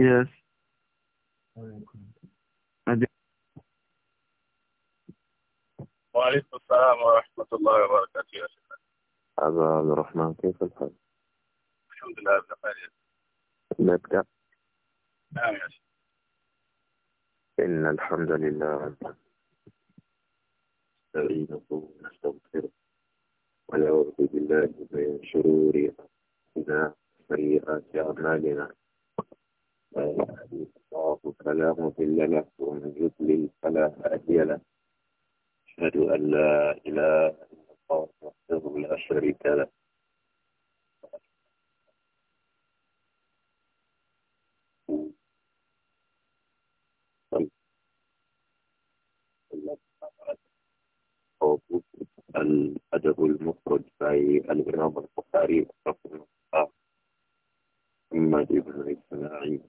Yes. وعليكم السلام ورحمة الله وبركاته يا شيخ أبا عبد الرحمن كيف الحال؟ الحمد لله بخير نبدأ نعم يا شيخ إن الحمد لله نستعينه ونستغفره ونعوذ بالله من شرور أنفسنا وسيئات أعمالنا حديث يهديه الله فلا مضل له ومن يضلل فلا هادي له أشهد أن لا إله إلا الله وحده لا شريك له الأدب المخرج في الإمام البخاري رحمه الله محمد بن إسماعيل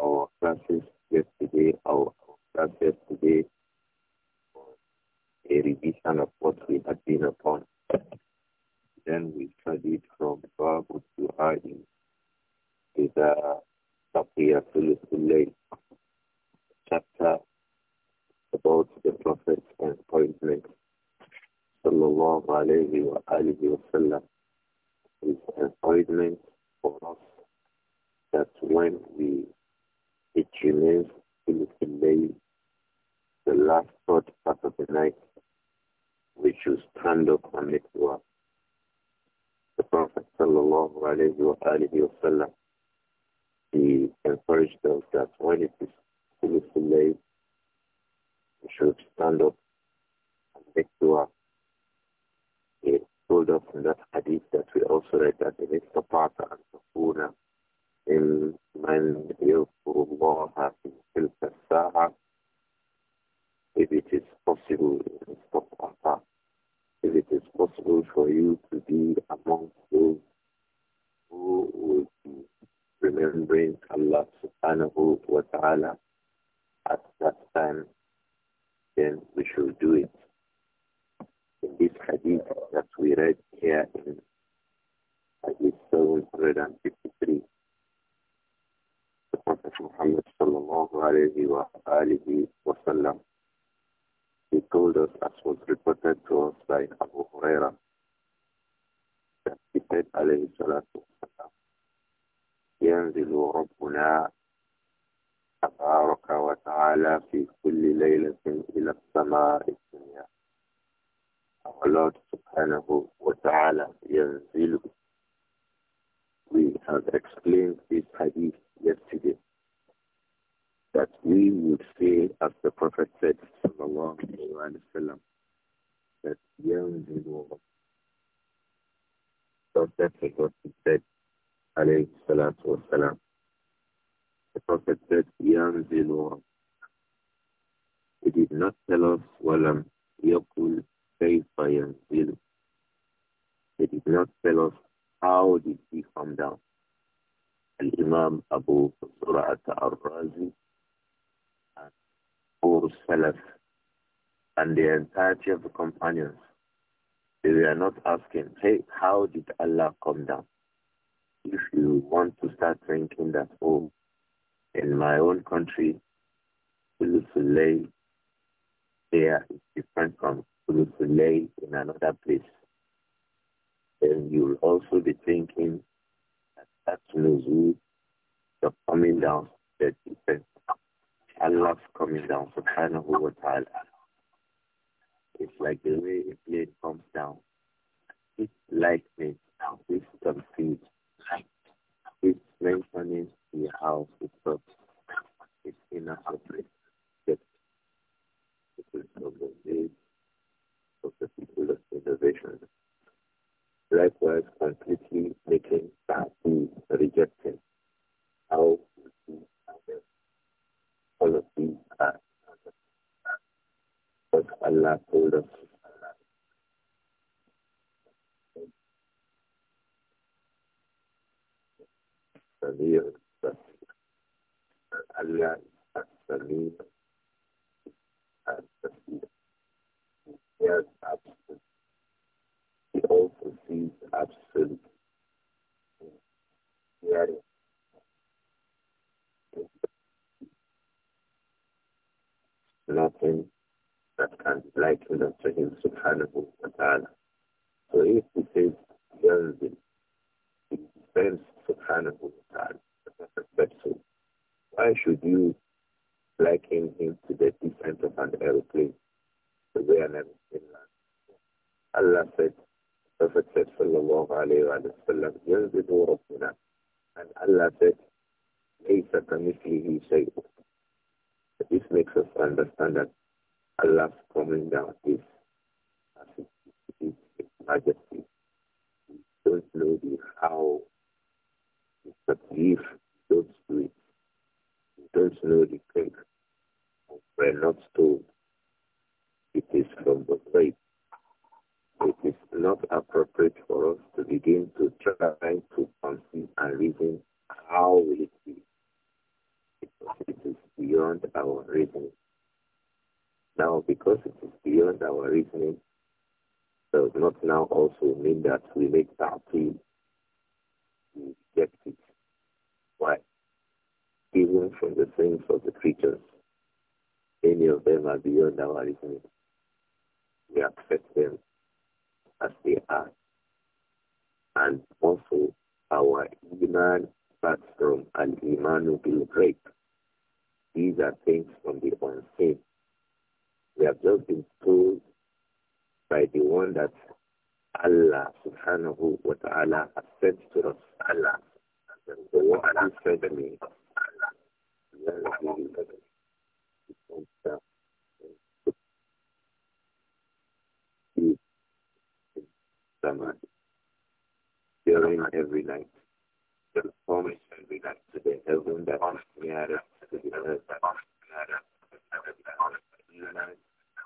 our classes yesterday, our, our class yesterday a revision of what we had been upon. Then we studied from Babu Du'a in the Taqiyatul uh, Sulay chapter about the Prophet's appointment. Sallallahu alayhi wa alihi wa sallam. His appointment for us that when we it remains in the day, the last third part of the night. We should stand up and make dua. The Prophet sallallahu alayhi wa alayhi wa sallam, he encouraged us that when it is Thulul Layl, we should stand up and make dua. He told us in that hadith that we also read that the next part and the in man يذكر الله on her to her if it is possible stop on If it is possible for you to be among those who will be remembering Allah subhanahu wa ta'ala at that time, then we should do it. In this hadith that we read here in Hadith 750, alayhi wa alihi Sallam. he told us, as was reported to us by Abu Huraira, that he said, alayhi salatu wasallam, ينزل ربنا تبارك وتعالى في كل ليلة إلى السماء الدنيا. Our Lord subhanahu wa ta'ala ينزل. We have explained this hadith yesterday that we would say, as the Prophet said, sallallahu alayhi wasallam, that So that's what said, alayhi salatu The Prophet said, ينزل He did not tell us, ولم يقل كيف ينزل He did not tell us how did he come down. Abu أبو زرعة Razi. All Salaf and the entirety of the companions, they were not asking, hey, how did Allah come down? If you want to start drinking that, oh, in my own country, Ulusulay there is different from Ulusulay in another place, then you'll also be thinking that that's Nuzul, are coming down, the different. Allah's coming down, subhanahu wa ta'ala. It's like the way a plane comes down. It's me. it's confused, it's mentioning the house itself. It's inappropriate. Yes. It is from the days of the people of innovation. Likewise, completely making that be rejected. told by the one that Allah subhanahu wa ta'ala has sent to us. Allah. the one Allah sent to me, Allah. During every night, the promise every night to the heaven that is nearer to the earth that is nearer to the heaven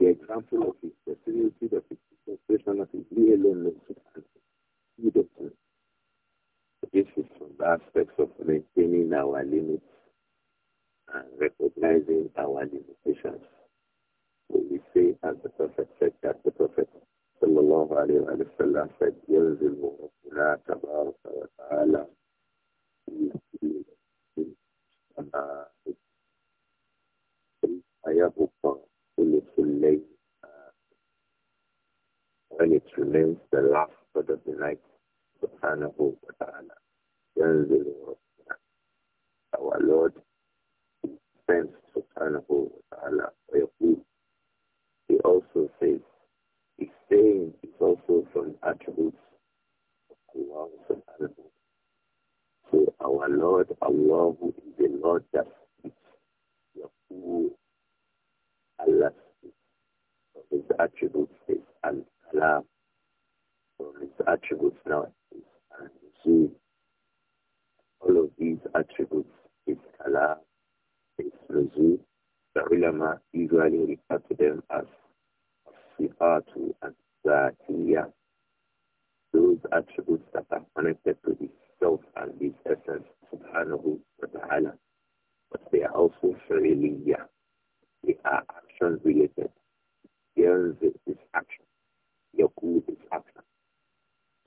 the example of his personality, that is concentration of his alone This is from the aspects of maintaining our limits and recognizing our limitations. we say, as the Prophet said, that the Prophet sallallahu alayhi wa sallam said, يَنْزِلْ رَبُّنَا تَبَارَكَ وَتَعَالَى فَيَبُقَّ ثلث الليل uh, when it remains the last part of the night سبحانه وتعالى ينزل ربنا our Lord sends سبحانه وتعالى ويقول he also says his saying is also from attributes of Allah subhanahu wa so our Lord Allah is the Lord that speaks Yaqul Allah's of his attributes is Al-Salam. From his attributes now is Al-Nuzul. All of these attributes, is Salam, is Nuzul, the ulama usually refer to them as Sifatu and Zatiyah. Those attributes that are connected to the self and the essence, subhanahu wa ta'ala. But they are also Shariliyah. They are actions related. Here is his action. Yakub is action.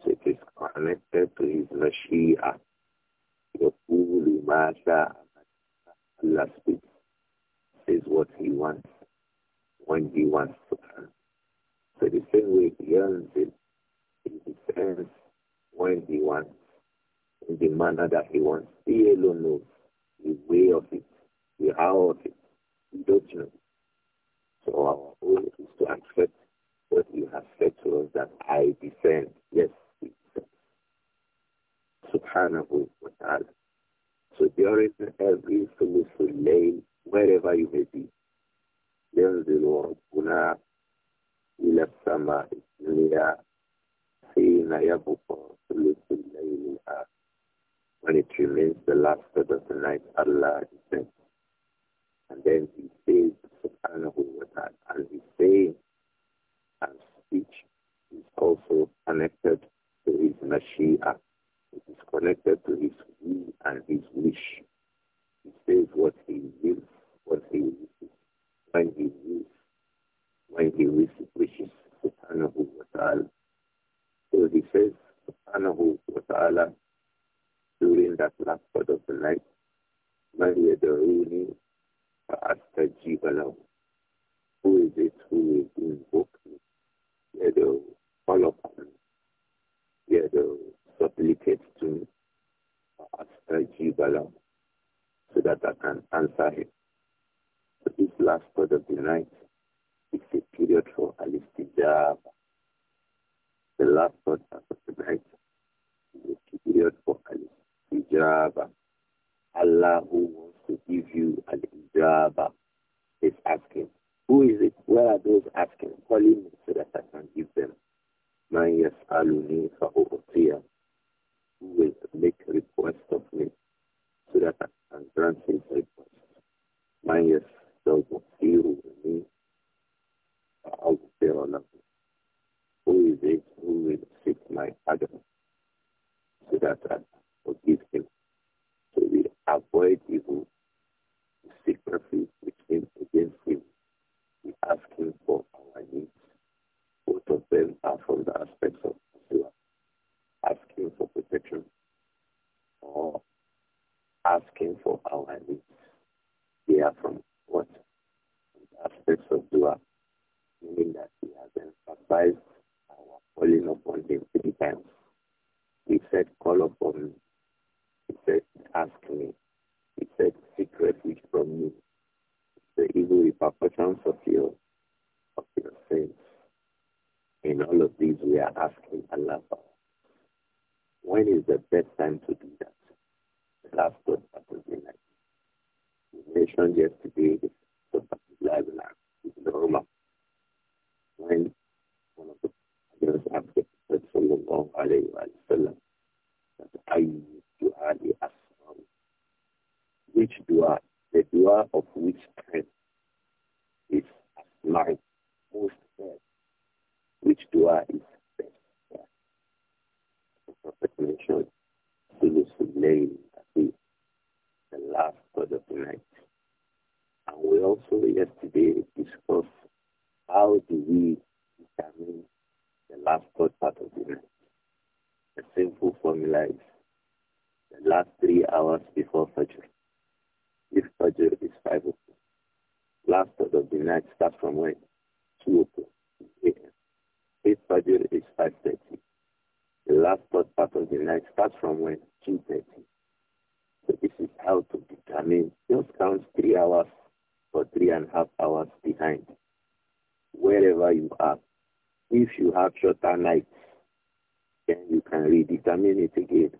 So it is connected to his Mashiach. Yakulu Masha Allah speaks. is what he wants when he wants to earn. So the same way he earns it, he descends when he wants, in the manner that he wants. He alone knows the way of it, the how of it. He doesn't know. So our role is to accept what you have said to us that I defend. Yes, subhanahu wa ta'ala. So during every solution lane, wherever you may be, ينزل the إلى السماء الدنيا حين يبقى ثلث الليل الآخر. When it remains the last third of the night, Allah descends. And then he says, subhanahu wa ta'ala. And his saying and speech is also connected to his mashia. It is connected to his will and his wish. He says what he wills, what he wishes, when he wills, when he wishes, subhanahu wa ta'ala. So he says, subhanahu wa ta'ala, during that last part of the night, is يدعوني فأستجيب له Who is it Who is invoking? invoke me? Yado, call upon me. Yado, supplicate to me. فأستجيب له So that I can answer him. So this last part of the night is a period for Alistijab. The last part of the night is a period for Alistijab. Allah who wants to give you an ijaba is asking. Who is it? Where are those asking? Calling me so that I can give them. Man yas'aluni fa'u'tiya. Who will make request of me so that I can grant his request. Man yas'aluni fa'u'tiya Who is it who will seek my pardon so that I forgive him? So we avoid evil. We seek refuge with him against him. We ask him for our needs. Both of them are from the aspects of Asking for protection or asking for our needs. They are from what? The aspects of Dua. Meaning that he has emphasized our calling upon him three times. He said, call upon me he said, ask me. He said, seek refuge from me. The evil repercussions of your, of your sins. In all of these, we are asking Allah for. When is the best time to do that? The last thought that was in life. We mentioned yesterday the thought that is live in the Roma. When one of the others asked the Prophet Sallallahu Alaihi Allah, that I du'a li asma'u. Which dua? The dua of which strength is my most best. Which dua is best? Yeah. The Prophet mentioned Sulusulayl, the last part of the night. And we also yesterday discussed how do we determine the last third part of the night. The simple formula is last three hours before Fajr. If Fajr is 5 o'clock. Last third of the night starts from when? 2 o'clock. If Fajr is 5.30. The last third part of the night starts from when? 2.30. So this is how to determine. Just count three hours or three and a half hours behind. Wherever you are. If you have shorter nights, then you can redetermine it again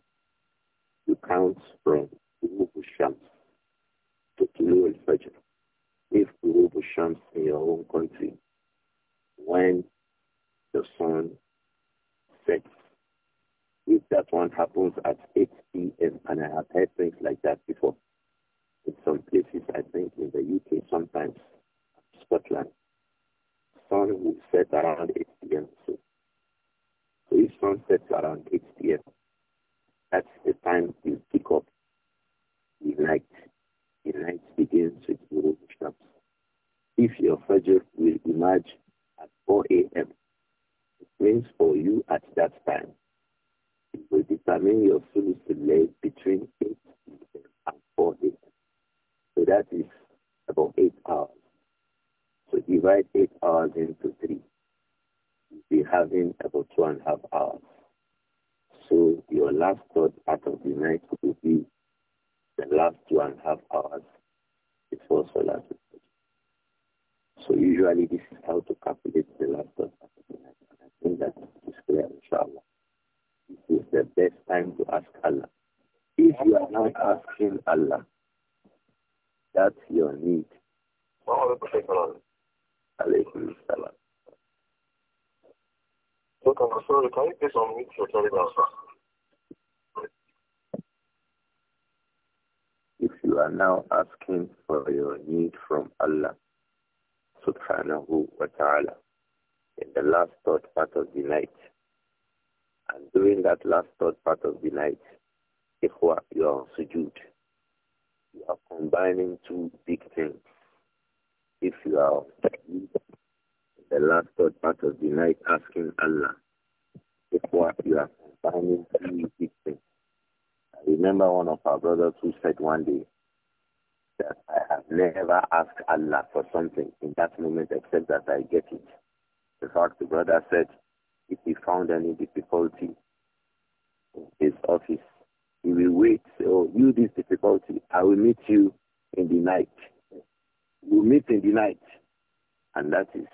counts from Urubu Shams to Tulu al-Fajr. If Urubu Shams in your own country I get it. In fact, the brother said if he found any difficulty in his office, he will wait. So you this difficulty, I will meet you in the night. We'll meet in the night. And that is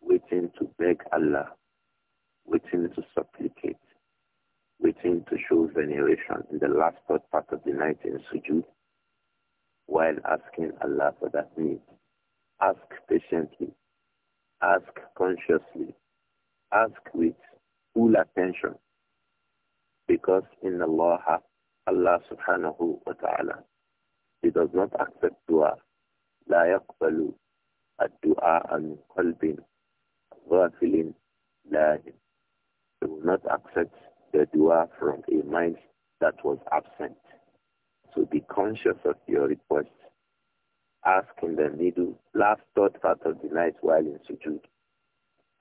waiting to beg Allah, waiting to supplicate, waiting to show veneration in the last part of the night in sujood while asking Allah for that need. Ask patiently Ask consciously. Ask with full attention. Because in Allah, Allah subhanahu wa ta'ala, He does not accept dua. لا يقبل الدعاء من قلب غافل لا. He will not accept the dua from a mind that was absent. So be conscious of your request Ask in the middle, last thought part of the night while in sujood.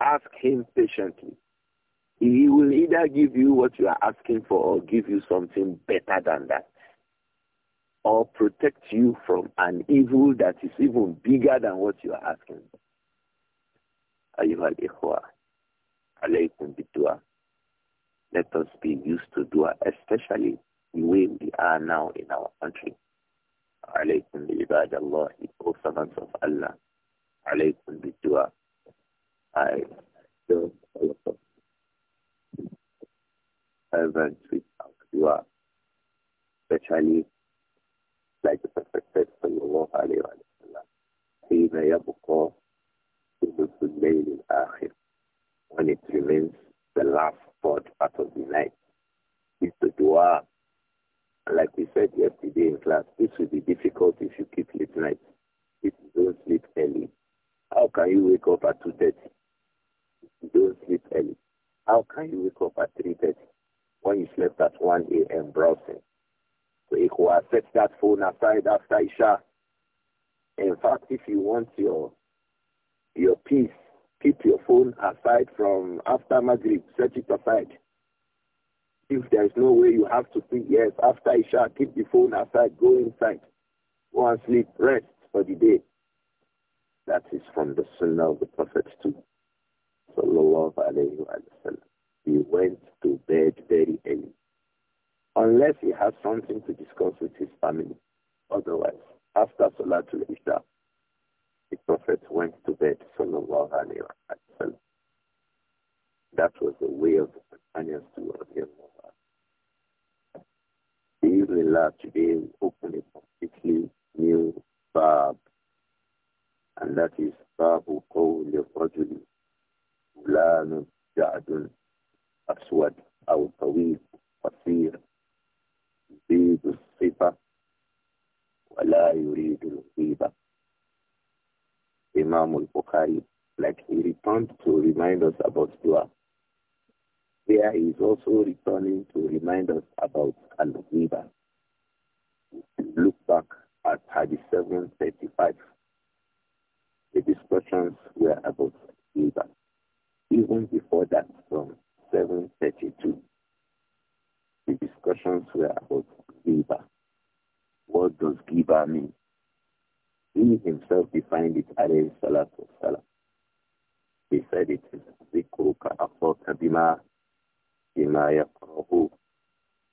Ask him patiently. He will either give you what you are asking for or give you something better than that. Or protect you from an evil that is even bigger than what you are asking. أيها الإخوة عليكم بالدعاء. Let us be used to dua, especially the way we are now in our country. عليكم بعباد الله O servants of Allah عليكم بالدعاء I don't servants without dua especially like the Prophet said صلى الله عليه وسلم حين يبقى ثلث الليل الآخر when it remains the last part of the night is the dua like we said yesterday in class, this will be difficult if you keep late night. If you don't sleep early, how can you wake up at 2.30? You don't sleep early. How can you wake up at 3.30 when you slept at 1 a.m. browsing? So you have set that phone aside after Isha. In fact, if you want your your peace, keep your phone aside from after Maghrib. Set it aside. If there is no way you have to sleep, yes, after Isha, keep the phone aside, go inside, go and sleep, rest for the day. That is from the Sunnah of the Prophet too. Sallallahu alayhi wa sallam. He went to bed very early. Unless he has something to discuss with his family. Otherwise, after Salatul Isha, the Prophet went to bed. Sallallahu alayhi wa sallam. That was the way of the companions to him. Bismillah, today we open a completely new bab, and that is Babu Qawl Rajul Fulan Ja'dun Aswad أو طويل قصير يريد الصفة ولا يريد Imam al-Bukhari, like he returned to remind us about dua. There is he is also returning to remind us about Al-Ghiba. Look back at Hadith 735. The discussions were about Ghiba. Even before that, from 732, the discussions were about Ghiba. What does Giba mean? He himself defined it, as salatu He said it is ذكرك أخوك بما بما يكره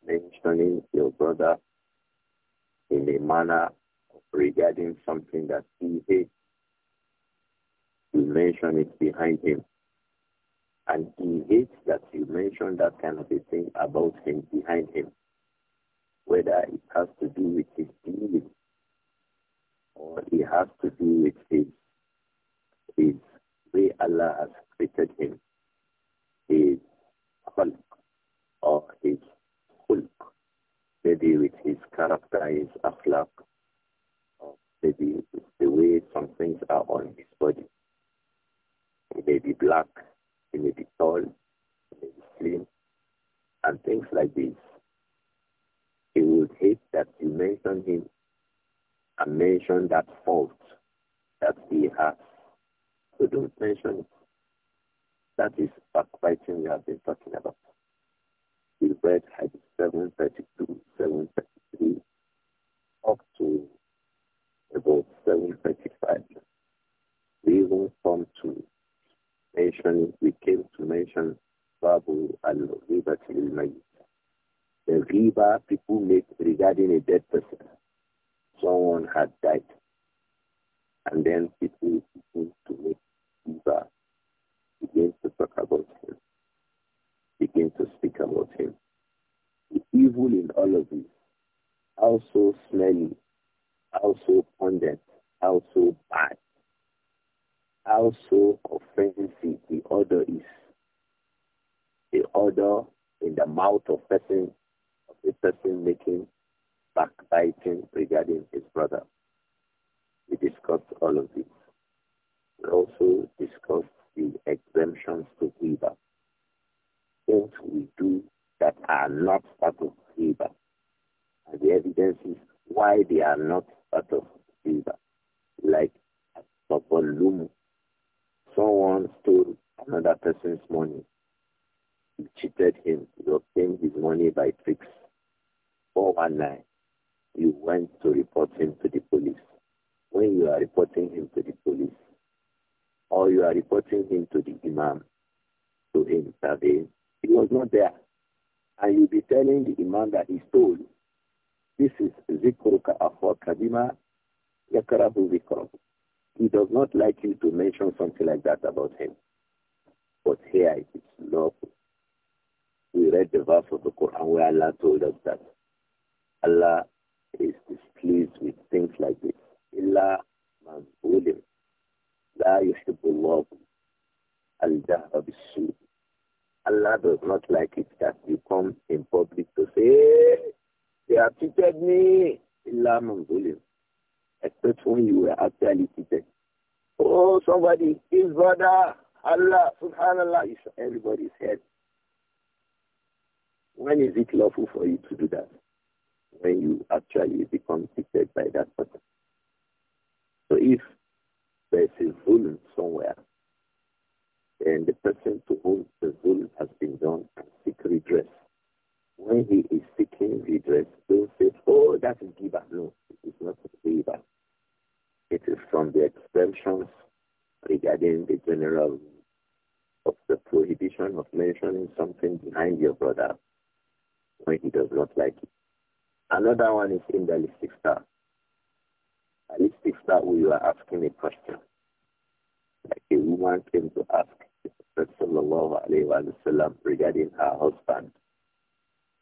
mentioning your brother in a manner regarding something that he hates. You mention it behind him. And he hates that you mention that kind of a thing about him behind him, whether it has to do with his being or it has to do with his, his way Allah has created him, his of his hulk, maybe with his character, his a or maybe the way some things are on his body. He may be black, he may be tall, he may be slim, and things like this. He would hate that you mention him and mention that fault that he has. So don't mention it. That is backbiting we have been talking about. We read had 732, 733, up to about 735. We even come to mention, we came to mention Babu and river al-Mayyit. The river people make regarding a dead person. Someone had died. And then people begin to make river. begin to talk about him begin to speak about him. The evil in all of this, also smelly, also pungent, also bad, also offensive the other is. The other in the mouth of person of the person making backbiting regarding his brother. We discussed all of this. We also discussed the exemptions to Eva things we do that are not part of favor, And the evidence is why they are not part of favor. Like Topolumu. Someone stole another person's money. He cheated him. He obtained his money by tricks. 419. You went to report him to the police. When you are reporting him to the police, or you are reporting him to the imam, to him, Tabi, he was not there. And you'll be telling the imam that he stole. This is zikruka afwa kadima yakarahu zikrahu. He does not like you to mention something like that about him. But here it is lawful. We read the verse of the Quran where Allah told us that Allah is displeased with things like this. Illa من la لا يحب الله الجهر بالسوء Allah does not like it that you come in public to say, they have cheated me. Allah Mongolian. Except when you were actually cheated. Oh, somebody, his brother, Allah, subhanallah, is everybody's head. When is it lawful for you to do that? When you actually become cheated by that person. So if there's a zulm somewhere, and the person to whom the zulm has been done can seek redress. When he is seeking redress, they will say, oh, that is giver. No, it is not a giver. It is from the exemptions regarding the general of the prohibition of mentioning something behind your brother when he does not like it. Another one is in the list star. At least if that we were asking a question, like a woman came to ask Prophet وسلم, regarding her husband,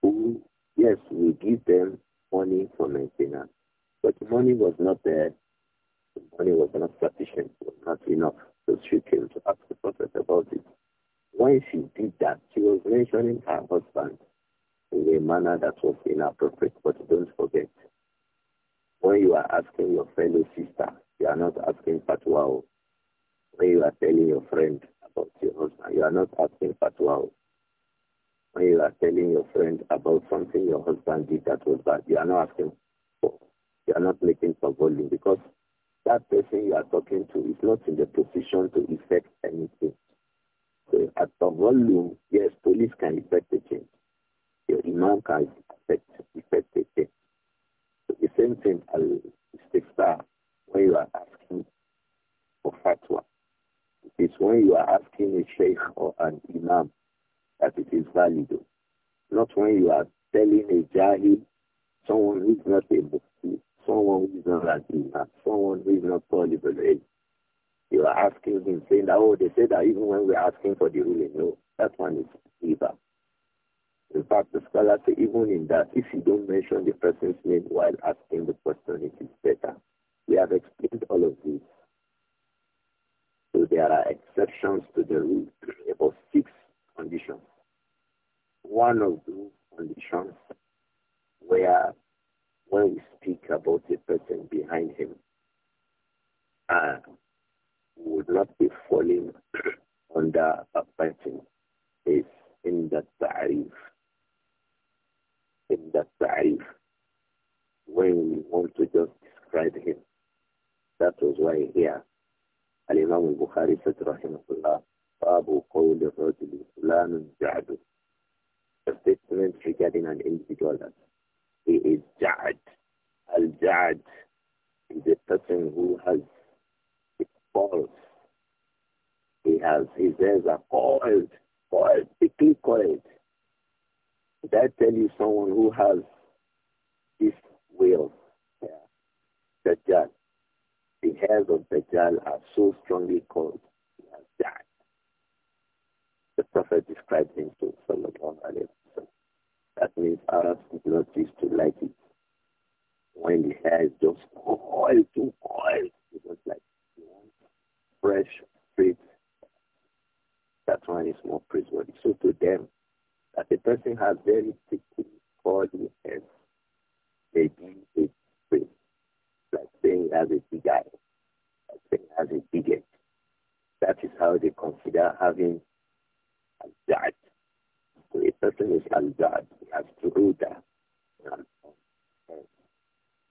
who, yes, we give them money for maintenance, but the money was not there. The money was not sufficient, was not enough. So she came to ask the Prophet about it. When she did that, she was mentioning her husband in a manner that was inappropriate. But don't forget, when you are asking your fellow sister, you are not asking fatwa. When you are telling your friend, about your husband. You are not asking fatwa. When you are telling your friend about something your husband did that was bad, you are not asking for, you are not making for volume because that person you are talking to is not in the position to effect anything. So at the volume, yes, police can effect a change. Your imam can effect, effect a change. So the same thing, I'll star when you are asking for fatwa. It's when you are asking a sheikh or an imam that it is valid, not when you are telling a jahil, someone who is not a mufti, someone who is not an imam, someone who is not tolerable. You are asking him, saying that, oh, they say that even when we are asking for the ruling, no, that one is evil. In fact, the scholars say even in that, if you don't mention the person's name while asking the question, it is better. We have explained all of this so there are exceptions to the rule, about six conditions. One of those conditions where when we speak about a person behind him, uh, would not be falling under a person is in the ta'rif. In the ta'rif. When we want to just describe him. That was why here الإمام البخاري رحمه الله باب قول الرجل فلان جعد The statement regarding an individual that he is ja'ad. is a person who has balls. He has, his hairs are coiled, coiled, thickly coiled. tells tell you someone who has this will? Yeah. That the hairs of Dajjal are so strongly called he has died. The Prophet described him to Sallallahu Alaihi Wasallam. That means Arabs did not used to like it. When the hair is just coiled, too coiled, it was like fresh, straight. That one is more praiseworthy. So to them, that the person has very thick, body and they deem it like saying as a big like saying as a bigot. That is how they consider having a dad. So a person is a dad, he has to do that.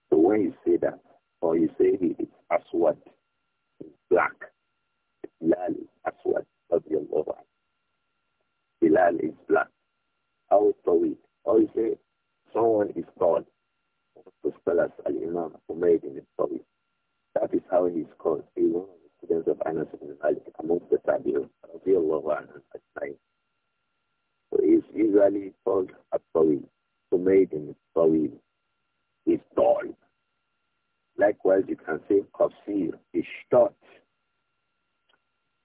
So when you say that, or you say is aswad, it's black, it's lal, aswad, of your lover. Bilal is black. How tall Or you say someone is called to spell as Al-Imam Umayyad ibn Sawi. That is how he is called. He is one of the students of Anas ibn Malik amongst the Tabi'un, radiallahu anhu ajma'in. So he is usually called Al-Sawi, Umayyad ibn Sawi. He is tall. Likewise, you can say Qasir, is short.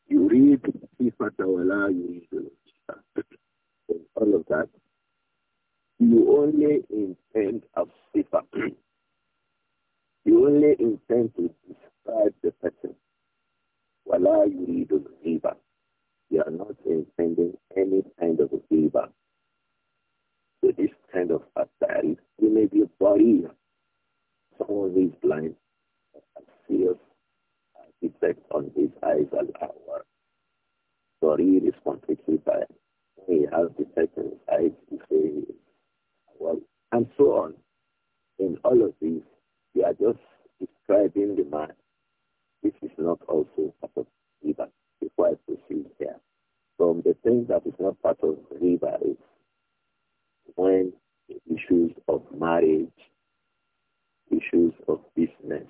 You read Sifat wa la yurid all of that only intent of sifa. you only is to describe the person. Wala yuridu riba. You are not intending any kind of riba. So this kind of attack, you may be a body. Someone who is blind has serious effect on his eyes and our Barir is completely blind. He has the in his eyes. He well, and so on. In all of these, we are just describing the man. This is not also part of riba. Before I proceed here, from the thing that is not part of riba is when issues of marriage, issues of business,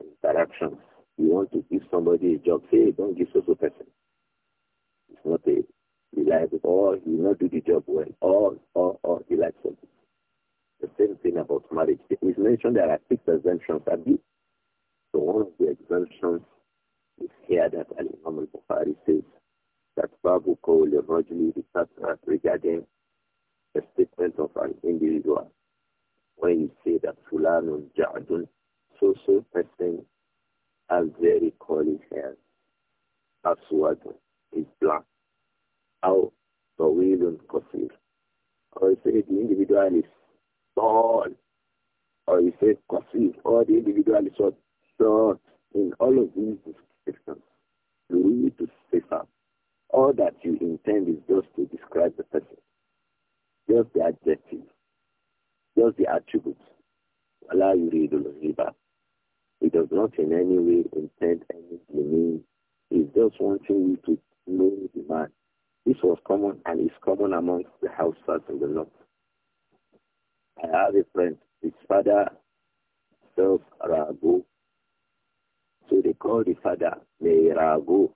interactions. You want to give somebody a job, say, don't give so person. It's not a he likes it, or he will not do the job well, or, or, or he likes it. The same thing about marriage. It is mentioned there are six exemptions, Abi. So one of the exemptions is here that Al-Imam al-Bukhari says that Babu Qawli Rajli that regarding the statement of an individual. When you say that Fulanun jadun, so-so person has very curly hair, Aswadun is black. أو طويل قصير or you say the individual is tall or you say قصير or the individual is short so in all of these descriptions you need to safer all that you intend is just to describe the person just the adjective just the attributes Allah you read the it does not in any way intend any meaning. It's just wanting you to know the man. This was common and is common amongst the Hausas in the north. I have a friend, his father sells ragu. So they call the father Meiragu.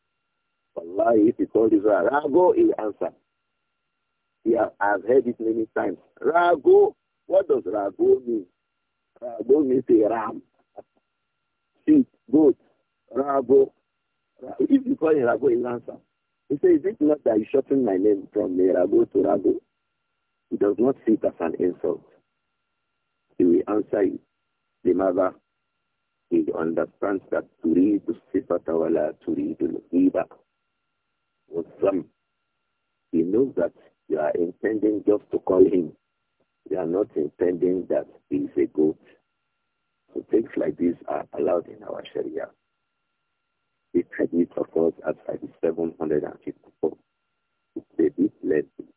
Allah, if you call this ragu, he answer. He have, I've heard it many times. Ragu, what does ragu mean? Ragu means a ram, sheep, goat, ragu. If you call it ragu, he answer. He said, is it not that you shorten my name from Merago to Rago? He does not see it as an insult. He will answer you. The mother, he understands that turidu sifata wala turidu iba. He knows that you are intending just to call him. You are not intending that he is a goat. So things like this are allowed in our Sharia. The credit of occurs at hadith 754. It's a bit lengthy.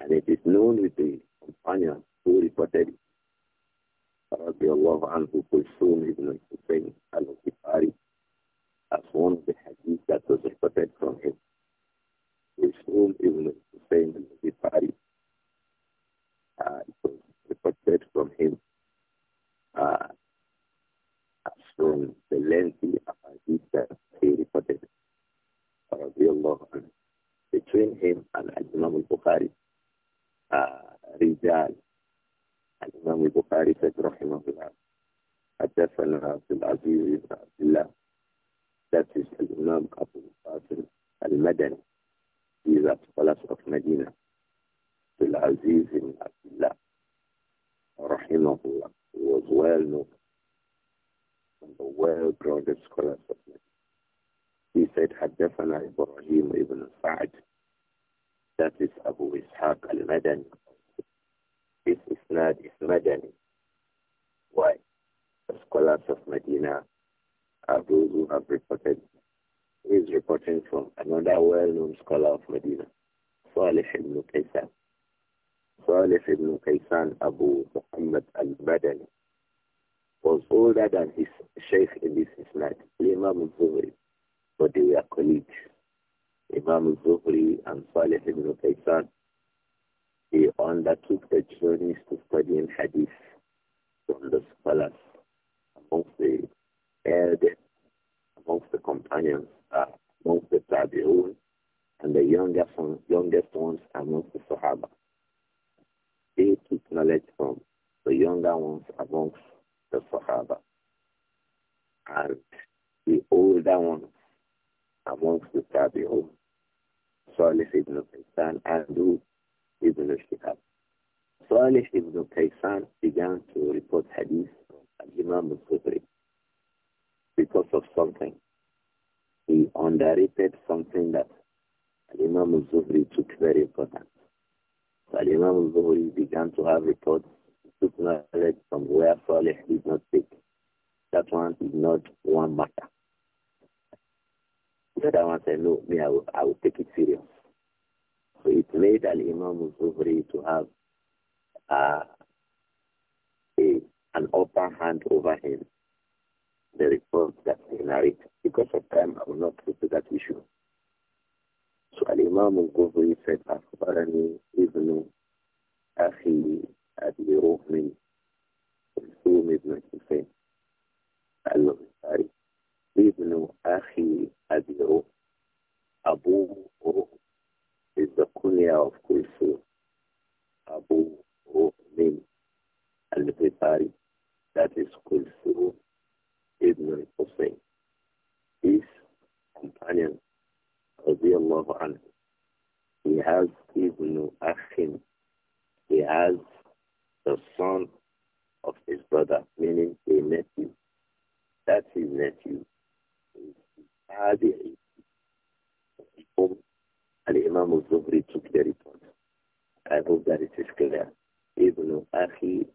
And it is known with the companion who reported it. رضي الله عنه كلثوم ابن الحسين الغفاري as one of the hadith that was reported from him. Kulsum ibn Hussein al-Zifari. Uh, it was reported from him. Uh, from the lengthy hadith that he reported uh, between him and Imam al-Bukhari. Uh, Rijal. Imam al-Bukhari said, Rahimahullah, حدثنا عبد العزيز بن عبد الله that is Imam Abu Qasim al-Madani. Palace of Medina. Abdul Aziz ibn Abdullah, rahimahullah, was well known from the well-grounded scholars of Islam. He said, حدثنا Ibrahim ibn Sa'd. That is Abu Ishaq al-Madani. This isnad is Madani. Why? The scholars of Medina are those who have reported. He is reporting from another well-known scholar of Medina, Salih ibn Kaysan. Salih ibn Kaysan Abu Muhammad al-Madani was older than his sheikh in this Islam, Imam Zuhri, but they were colleagues. Imam Zuhri and Salih ibn Qaysan, he undertook the journeys to study in hadith from the scholars amongst the elders, amongst the companions, uh, amongst the tabi'un, and the youngest, youngest ones amongst the Sahaba. They took knowledge from the younger ones amongst the Sahaba. And the older one amongst the Tabi'un, Salih ibn Qaysan and ibn Shihab. Salih ibn Qaysan began to report hadith from Imam al-Khudri because of something. He underrated something that Imam al-Zuhri took very important. So Imam al-Zuhri began to have reports took knowledge from where Saleh did not take. That one is not one matter. The other one said, no, me, I will, I will take it serious. So it made an imam Zuhri to have uh, a, an upper hand over him. The report that he narrates. Because of time, I will not go that issue. So Al-Imam Al-Ghazali said, أخبرني ابن أخي بروح كلثوم بن حسين الغفاري ابن أخي أبي روح أبو روح is the kunya of Kufu. Abu Ruhmin al-Ghifari that is Kulsum ibn Hussein his companion radiallahu anhu he has ibn Akhin he has the son of his brother, meaning a nephew. That's his nephew. Al-Imam al-Zuhri took the report. I hope that it is clear. Ibn Akhi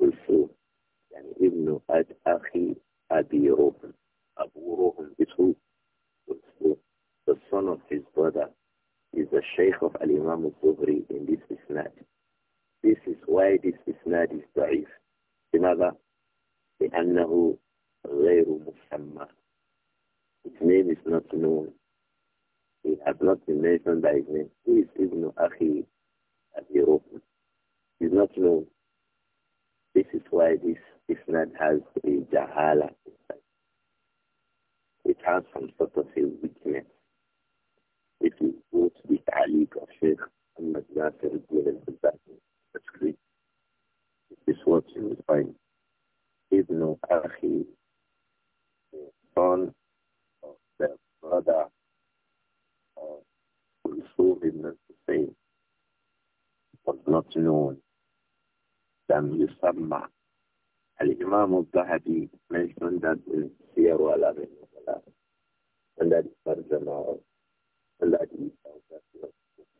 also, and Ibn Akhi Abi Rohan. Abu Rohan is who? Also, the son of his brother is the Sheikh of Al-Imam al-Zuhri in this Isnad. This is why this isnad is da'if. لماذا؟ لأنه غير مسمى. His name is not known. He has not been mentioned by his name. Who is Ibn Akhi Abi Rukn? He is not known. This is why this isnad has a jahala inside. It has some sort of a weakness. go to the talik of Sheikh Ahmad Nasir ibn al-Bazzazi screen. This is what you will find. Ibn Akhi, the son of the brother of Kulsum ibn Hussein, was not known. Lam Yusamma. Al-Imam al-Zahabi mentioned that in Siyar al-Amin and that is Tarjama of al ibn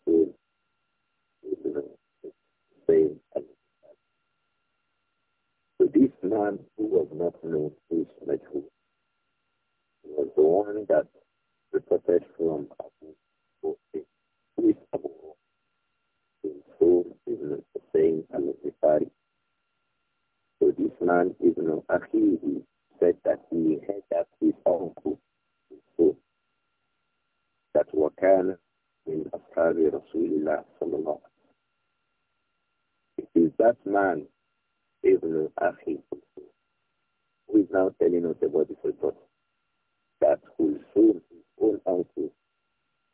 Hussein saying So this man who was not known is Majhul was the one that reported from Abu Bakr, who is Abu so as the al-Zifari. So this man, Ibn he said that he had that his uncle, so that وكان من in رسول الله صلى is that man, Ibn Akhi, who is now telling us about this report, that soon his own uncle,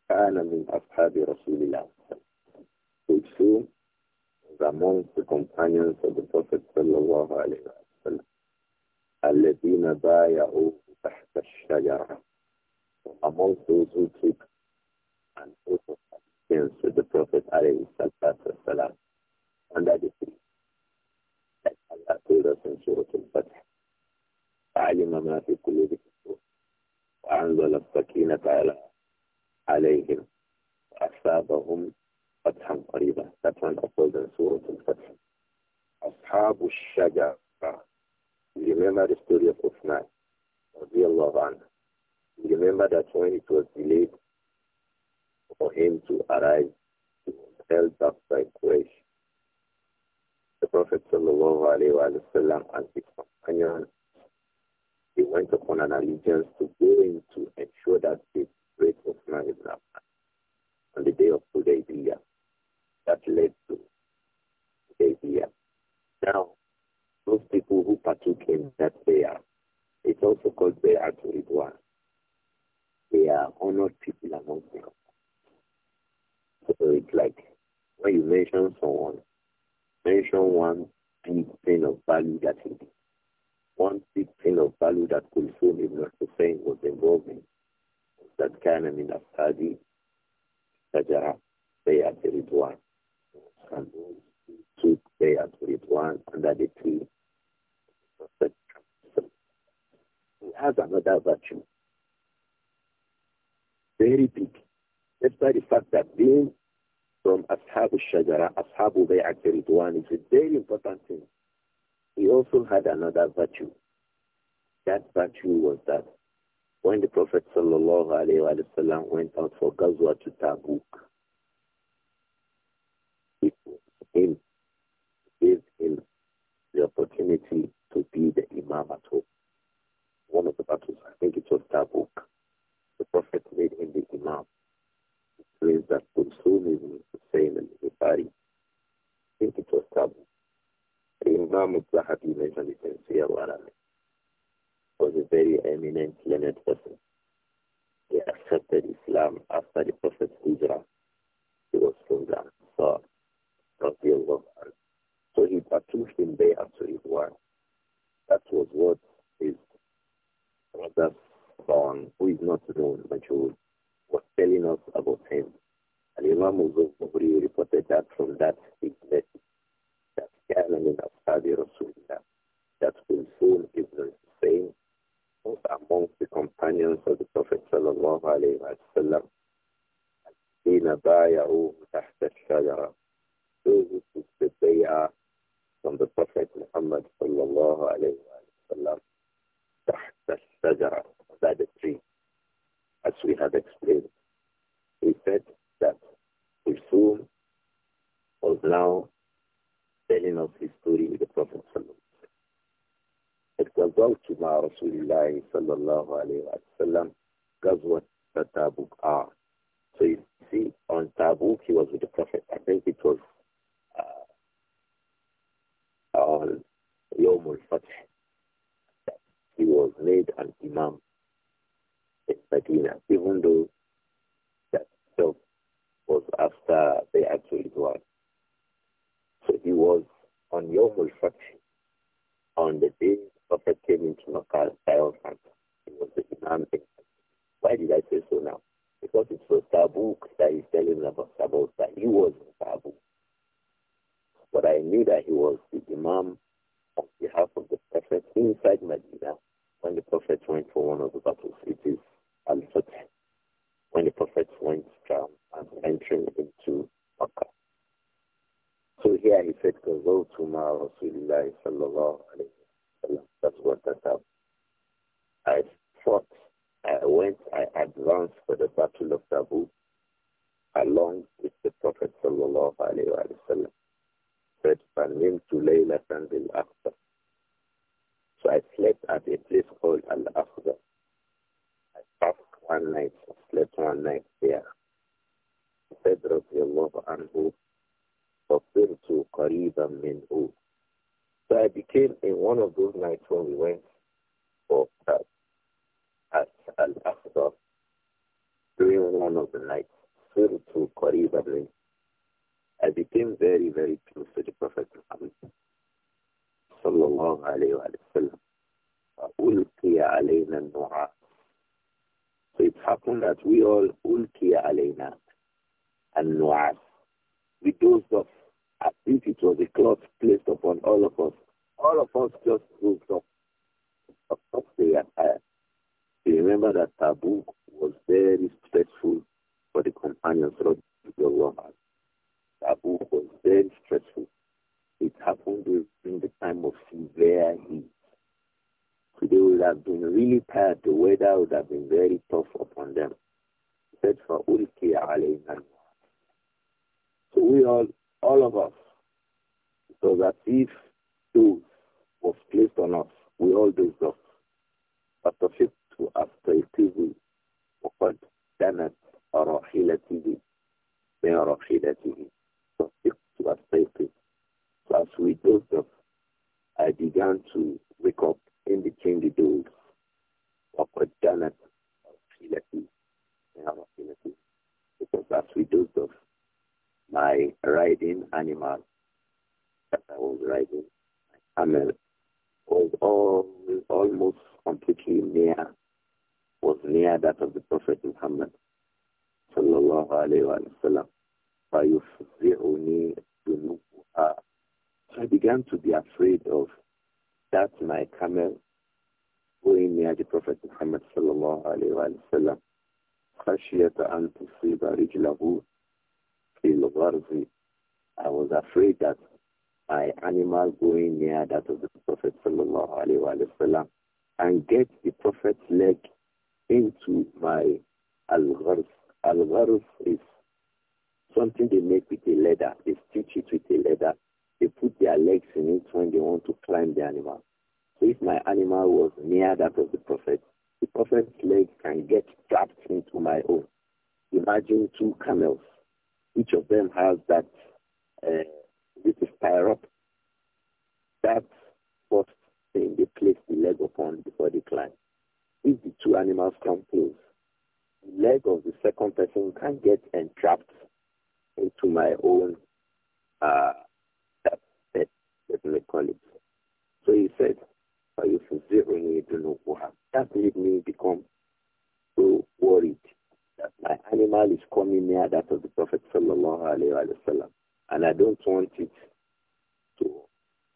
كان من أصحاب رسول الله Hulsum was among the companions of the Prophet sallallahu الله عليه وسلم الذين بايعوه تحت الشجرة amongst those who took and oath of to the Prophet عليه الصلاة والسلام under the tree. Like Allah told us in Surah Al-Fatih. فعلم ما في قلوبهم وأنزل السكينة على عليهم وأصابهم فتحا قريبا. That one occurs in Surah Al-Fatih. أصحاب الشجرة. Remember the story of Uthman. رضي الله Remember that when it was delayed for him to arrive, he was held up by Quraysh the Prophet وسلم, and his companions, they went upon an allegiance to in to ensure that they great Uthman is Affan on the day of Hudaybiyah. That led to Hudaybiyah. Now, those people who partook in that prayer, it's also called prayer to Ridwan. They are honored people among them. So it's like when you mention someone, mention one big thing of value that he did. One big thing of value that could Kulsum Ibn Hussein was involved in that كان من أفراد شجرة the رضوان and took the رضوان under the tree He has another virtue. Very big. Despite the fact that being from Ashabu Shajara, Ashabu Bay'at Ridwan is a very important thing. He also had another virtue. That virtue was that when the Prophet wasallam went out for gaza to Tabuk, he him, gave him the opportunity to be the Imam at home. One of the battles, I think it was Tabuk. The Prophet made him the Imam phrase that Kulsum the same al-Bukhari. I think it was Tabu. Imam zahabi mentioned it in Siyar was a very eminent learned person. He accepted Islam after the Prophet Hijrah. He was from the Ansar, not the Allah. So he partook in Bay'at to his wife. That was what his brother's son, who is not known, Majul, was telling us about him. And Imam Zuhri reported that from that signet that gathering of من أصحاب that will soon Kulsum the same, both amongst the companions of the Prophet sallallahu alayhi wa sallam حين بايعوه تحت الشجرة those who took the bay'ah from the Prophet Muhammad sallallahu alayhi wa sallam تحت الشجرة by the tree as we have explained. We said that Kulsum was now telling us his story with the Prophet It was رسول الله صلى الله عليه وسلم the Tabuk are. So you see, on Tabuk he was with the Prophet. I think it was uh, on uh, Yom al-Fatih. He was made an Imam Medina, even though that job was after they actually Ridwan. So he was on your construction on the day Prophet came into Makkah triumphant. He was the Imam. Why did I say so now? Because it was Tabuk that he's telling about, about that he was in Tabuk. But I knew that he was the Imam on behalf of the Prophet inside Medina when the Prophet went for one of the battles. It is al-Fath when the Prophet went down and entered into Makkah. So here he said, Kazawtuma Rasulullah sallallahu alayhi wa That's what that happened. I fought, I went, I advanced for the Battle of Tabuk along with the Prophet sallallahu alayhi wa sallam. Said, فَنِمْتُ لَيْلَةً بِالْأَخْضَرِ So I slept at a place called Al-Akhdar one night, slept one night there. He said, radiallahu anhu, فَصِرْتُ قَرِيبًا مِنْهُ So I became in one of those nights when we went for that at Al-Aqsa during one of the nights. صِرْتُ Kariba. مِنْهُ I became very, very close to the Prophet Muhammad sallallahu alayhi wa sallam. فَأُلْقِيَ عَلَيْنَا النُّعَاسِ so it happened that we all ulkiya alayna and nu'as. We dozed off as if it was a cloth placed upon all of us. All of us just dozed off. Of course You uh, remember that taboo was very stressful for the companions of the Lord. was very stressful. It happened during the time of severe heat. Today would have been really tired. The weather would have been very tough upon them. So we all, all of us, so that if two was placed on us, we all after dozed off. فَتَفِقْتُ أَفْتَيْتِهِ وَقَدْ كَانَتْ أَرَحِلَتِهِ مِنْ رَحِلَتِهِ فَتَفِقْتُ أَفْتَيْتِهِ So as we dozed off, I began to wake up in between the doors. of دانت رحيلتي يا رحيلتي It was as we do off my riding animal that I was riding, my camel, was all, almost completely near, was near that of the Prophet Muhammad sallallahu alayhi wa sallam. So I began to be afraid of that's my camel going near the Prophet Muhammad sallallahu alayhi wa sallam. خشية أن تصيب رجله في الغرز. I was afraid that my animal going near that of the Prophet sallallahu alayhi wa sallam and get the Prophet's leg into my al-gharz. Al-gharz is something they make with a leather. They stitch it with a leather they put their legs in it when they want to climb the animal. So if my animal was near that of the prophet, the prophet's leg can get trapped into my own. Imagine two camels. Each of them has that, uh, this is pyrope. That first thing they place the leg upon before they climb. If the two animals come close, the leg of the second person can get entrapped into my own that made me become so worried that my animal is coming near that of the Prophet sallallahu wasallam, and I don't want it to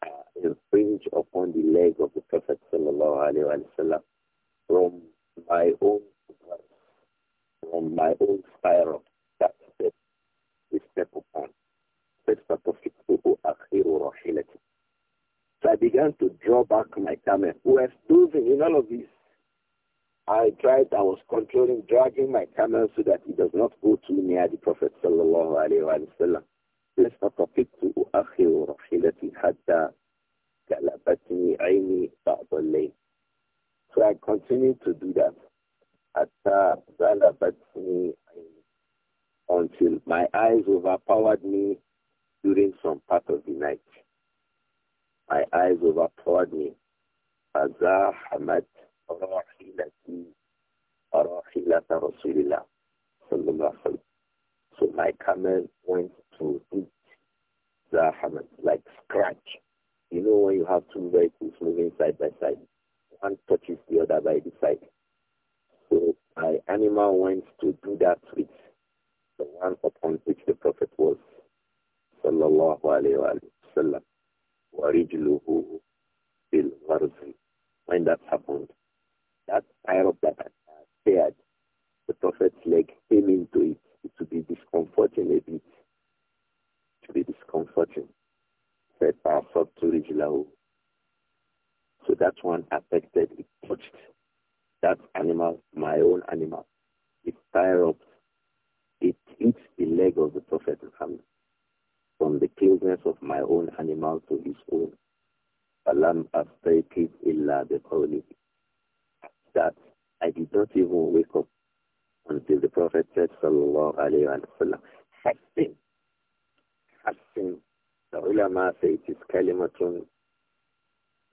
uh, infringe upon the leg of the Prophet sallallahu wasallam from my own from my own spiral that step we step upon. So I began to draw back my camera. Who was losing in all of this? I tried, I was controlling, dragging my camel so that it does not go too near the Prophet sallallahu alayhi wa sallam. فاستطفقت أؤخر راحلتي حتى كلبتني عيني بعض الليل. So I continued to do that. حتى عيني until my eyes overpowered me during some part of the night. My eyes overpowered me. فزاحمت sallallahu So my camel went to eat zahaman, like scratch. You know when you have two vehicles moving side by side, one touches the other by the side. So my animal went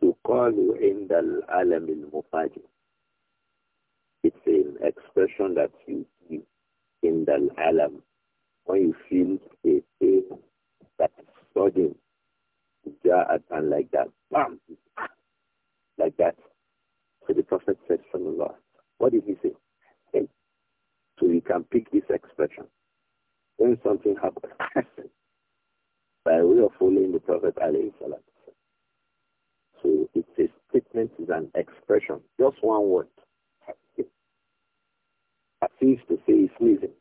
تقال عند العالم المفاجئ It's an expression that you give in the alam when you feel a pain that is sudden, and like that, bam, like that. So the Prophet said, Sallallahu what did he say? Hey. So you can pick this expression. When something happens, by way of following the Prophet alayhi so it's a statement, it's an expression, just one word. As if to say sneezing.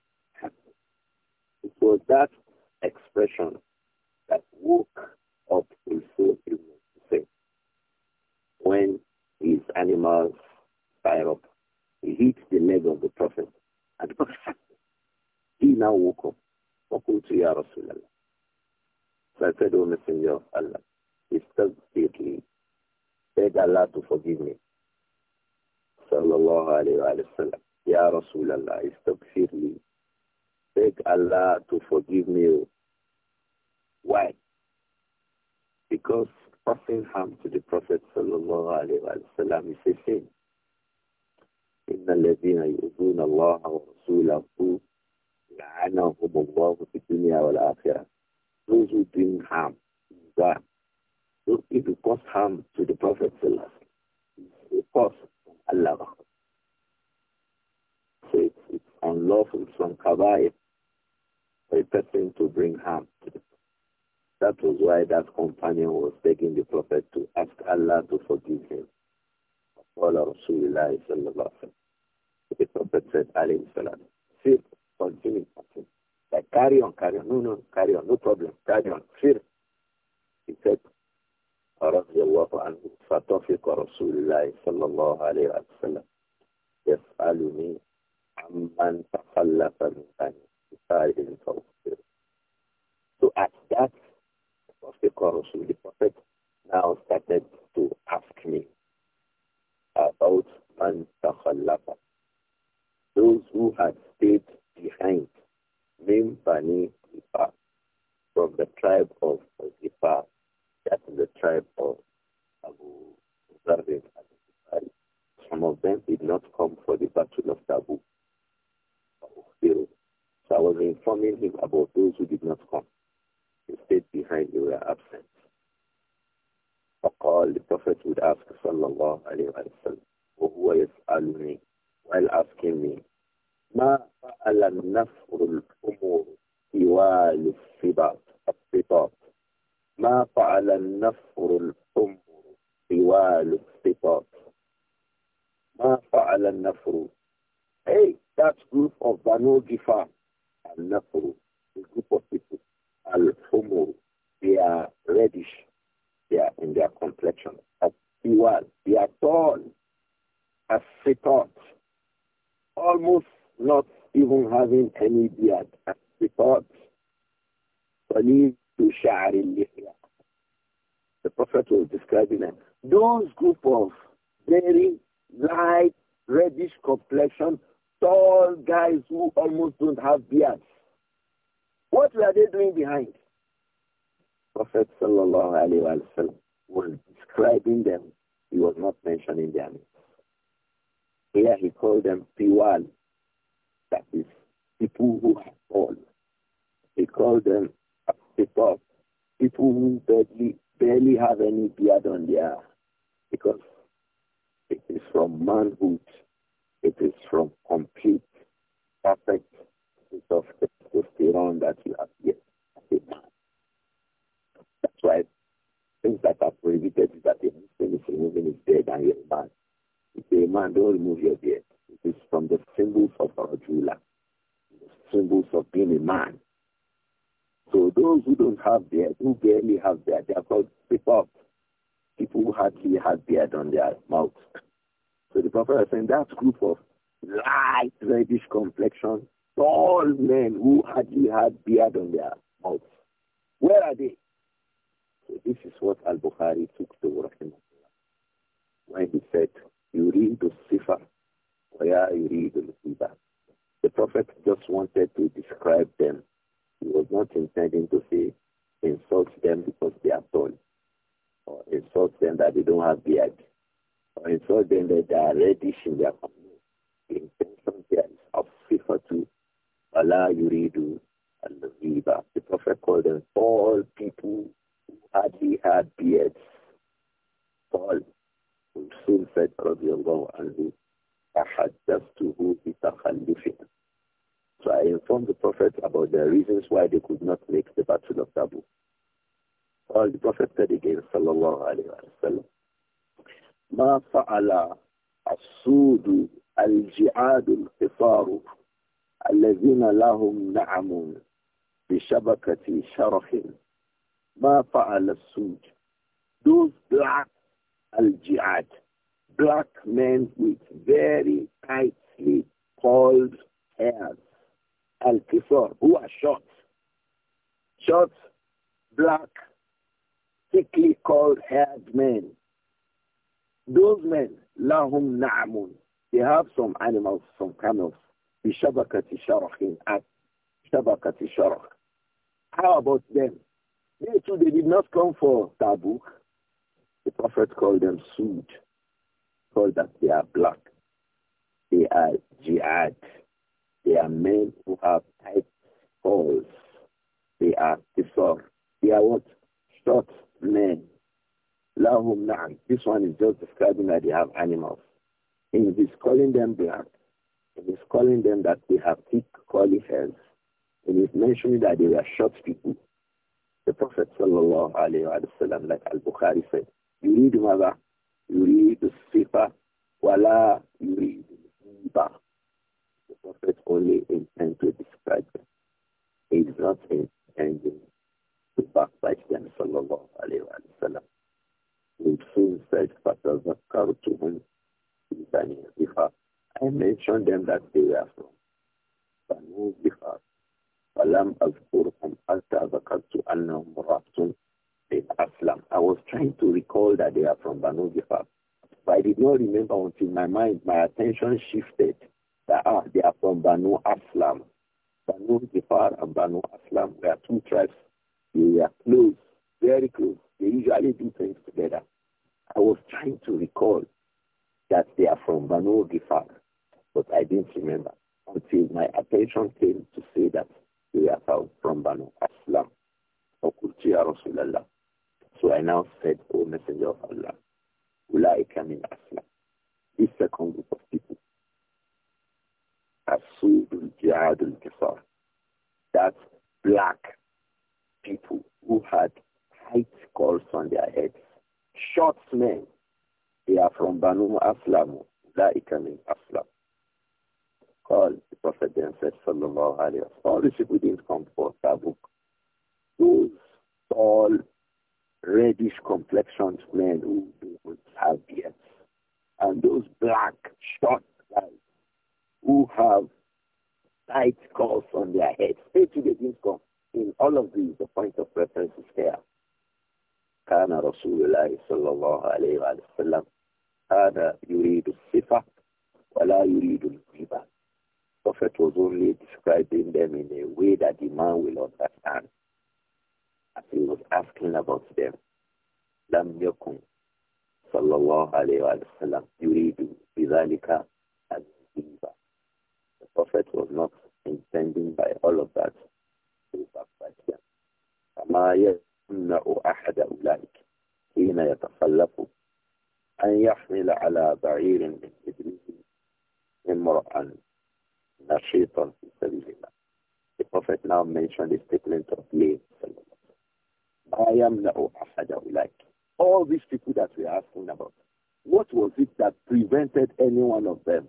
It was that expression that woke up his soul to say when his animals fired up. He hit the leg of the prophet and he now woke up. I said, رسول الله Messenger of Allah, استغفر لي beg Allah to forgive me. Sallallahu alayhi wa sallam. Ya Rasulallah, istaghfir li. Beg Allah to forgive me. Why? Because causing harm to the Prophet sallallahu alayhi wa sallam is a sin. إن الذين يؤذون الله ورسوله لعنهم الله dunya الدنيا والآخرة. Those who bring harm, that so it will cause harm to the Prophet Sallallahu It will cause Allah. So it's, it's unlawful from Kabair for a person to bring harm to the That was why that companion was begging the Prophet to ask Allah to forgive him. The Prophet said, alayhi salam, sit, continue, continue. Like, carry on, carry on. No, no, carry on. No problem. Carry on. Fear. He said, رضي الله عنه فطفق رسول الله صلى الله So at that, Prophet Rasul, the Prophet now started to ask me about man takhallafa, those who had stayed behind, min bani us that group of light reddish complexion, tall men who hardly had beard on their mouths. Where are they? So this is what Al-Bukhari took to Rahimahullah when he said, "You read the sifa, you read the sifa." The Prophet just wanted to describe them. He was not intending to say insult them because they are tall or insult them that they don't have beard. I saw them that they are reddish in their intention there is of sifatu Allah yuridu and the riba. The Prophet called them all people who hardly had beards. All who soon said and who just to anhu tahaddastuhu bitakhallufin. So I informed the Prophet about the reasons why they could not make the Battle of Tabuk. All the Prophet said again, sallallahu alayhi wa sallam, ما فعل السود الجعاد القطار الذين لهم نعم بشبكة شرف ما فعل السود those black الجعاد black men with very tightly coiled hairs القصار who are short short black thickly coiled haired men those men, lahum na'amun, they have some animals, some camels, bishabakati sharakhin, at shabakati sharakh. How about them? They too, they did not come for Tabuk. The Prophet called them Sud, called that they are black. They are jihad. They are men who have tight holes. They are kisor. They are what? Short men lahum na'am. This one is just describing that they have animals. And it is calling them black. It is calling them that they have thick curly hairs. It is mentioning that they were short people. The Prophet sallallahu alayhi wa sallam, like Al-Bukhari said, you read mother, you read the sifa, wala you read the The Prophet only intends to describe them. He is not intending to backbite them sallallahu alayhi wa sallam. Hudson said, Fatazakar to whom Bani Zifar. I mentioned them that they were from Banu Zifar. and أذكرهم حتى ذكرت أنهم رابط bin Aslam. I was trying to recall that they are from Banu Zifar. But I did not remember until my mind, my attention shifted that ah, they are from Banu Aslam. Banu Zifar and Banu Aslam were two tribes. They were close very close. They usually do things together. I was trying to recall that they are from Banu Gifar, but I didn't remember until my attention came to say that they are from Banu Aslam. So I now said, O Messenger of Allah, Ulaika min Aslam. This second group of people, Asudul Jihadul Kifar, that black people who had tight calls on their heads. Short men. They are from Banu Aslamu. La'ika min Aslam. Call the Prophet then said, Sallallahu Alaihi Wasallam. All these people didn't come for Tabuk. Those tall, reddish complexioned men who would have beards. And those black, short guys who have tight calls on their heads. Stay to the income. In all of these, the point of reference is there. كان رسول الله صلى الله عليه وسلم يريد الصفة ولا يريد الغيبة Prophet was only describing them in a way that the man will understand. As he was asking about them, لم يكن صلى الله عليه وسلم يريد بذلك الغيبة. The Prophet was not intending by all of that to backbite them. يمنع أحد أولئك حين يتخلف أن يحمل على بعير من إبليس امرأ نشيطا في سبيل الله. The Prophet now mentioned the statement of Layth. I am now أحد أولئك. All these people that we are asking about, what was it that prevented any one of them?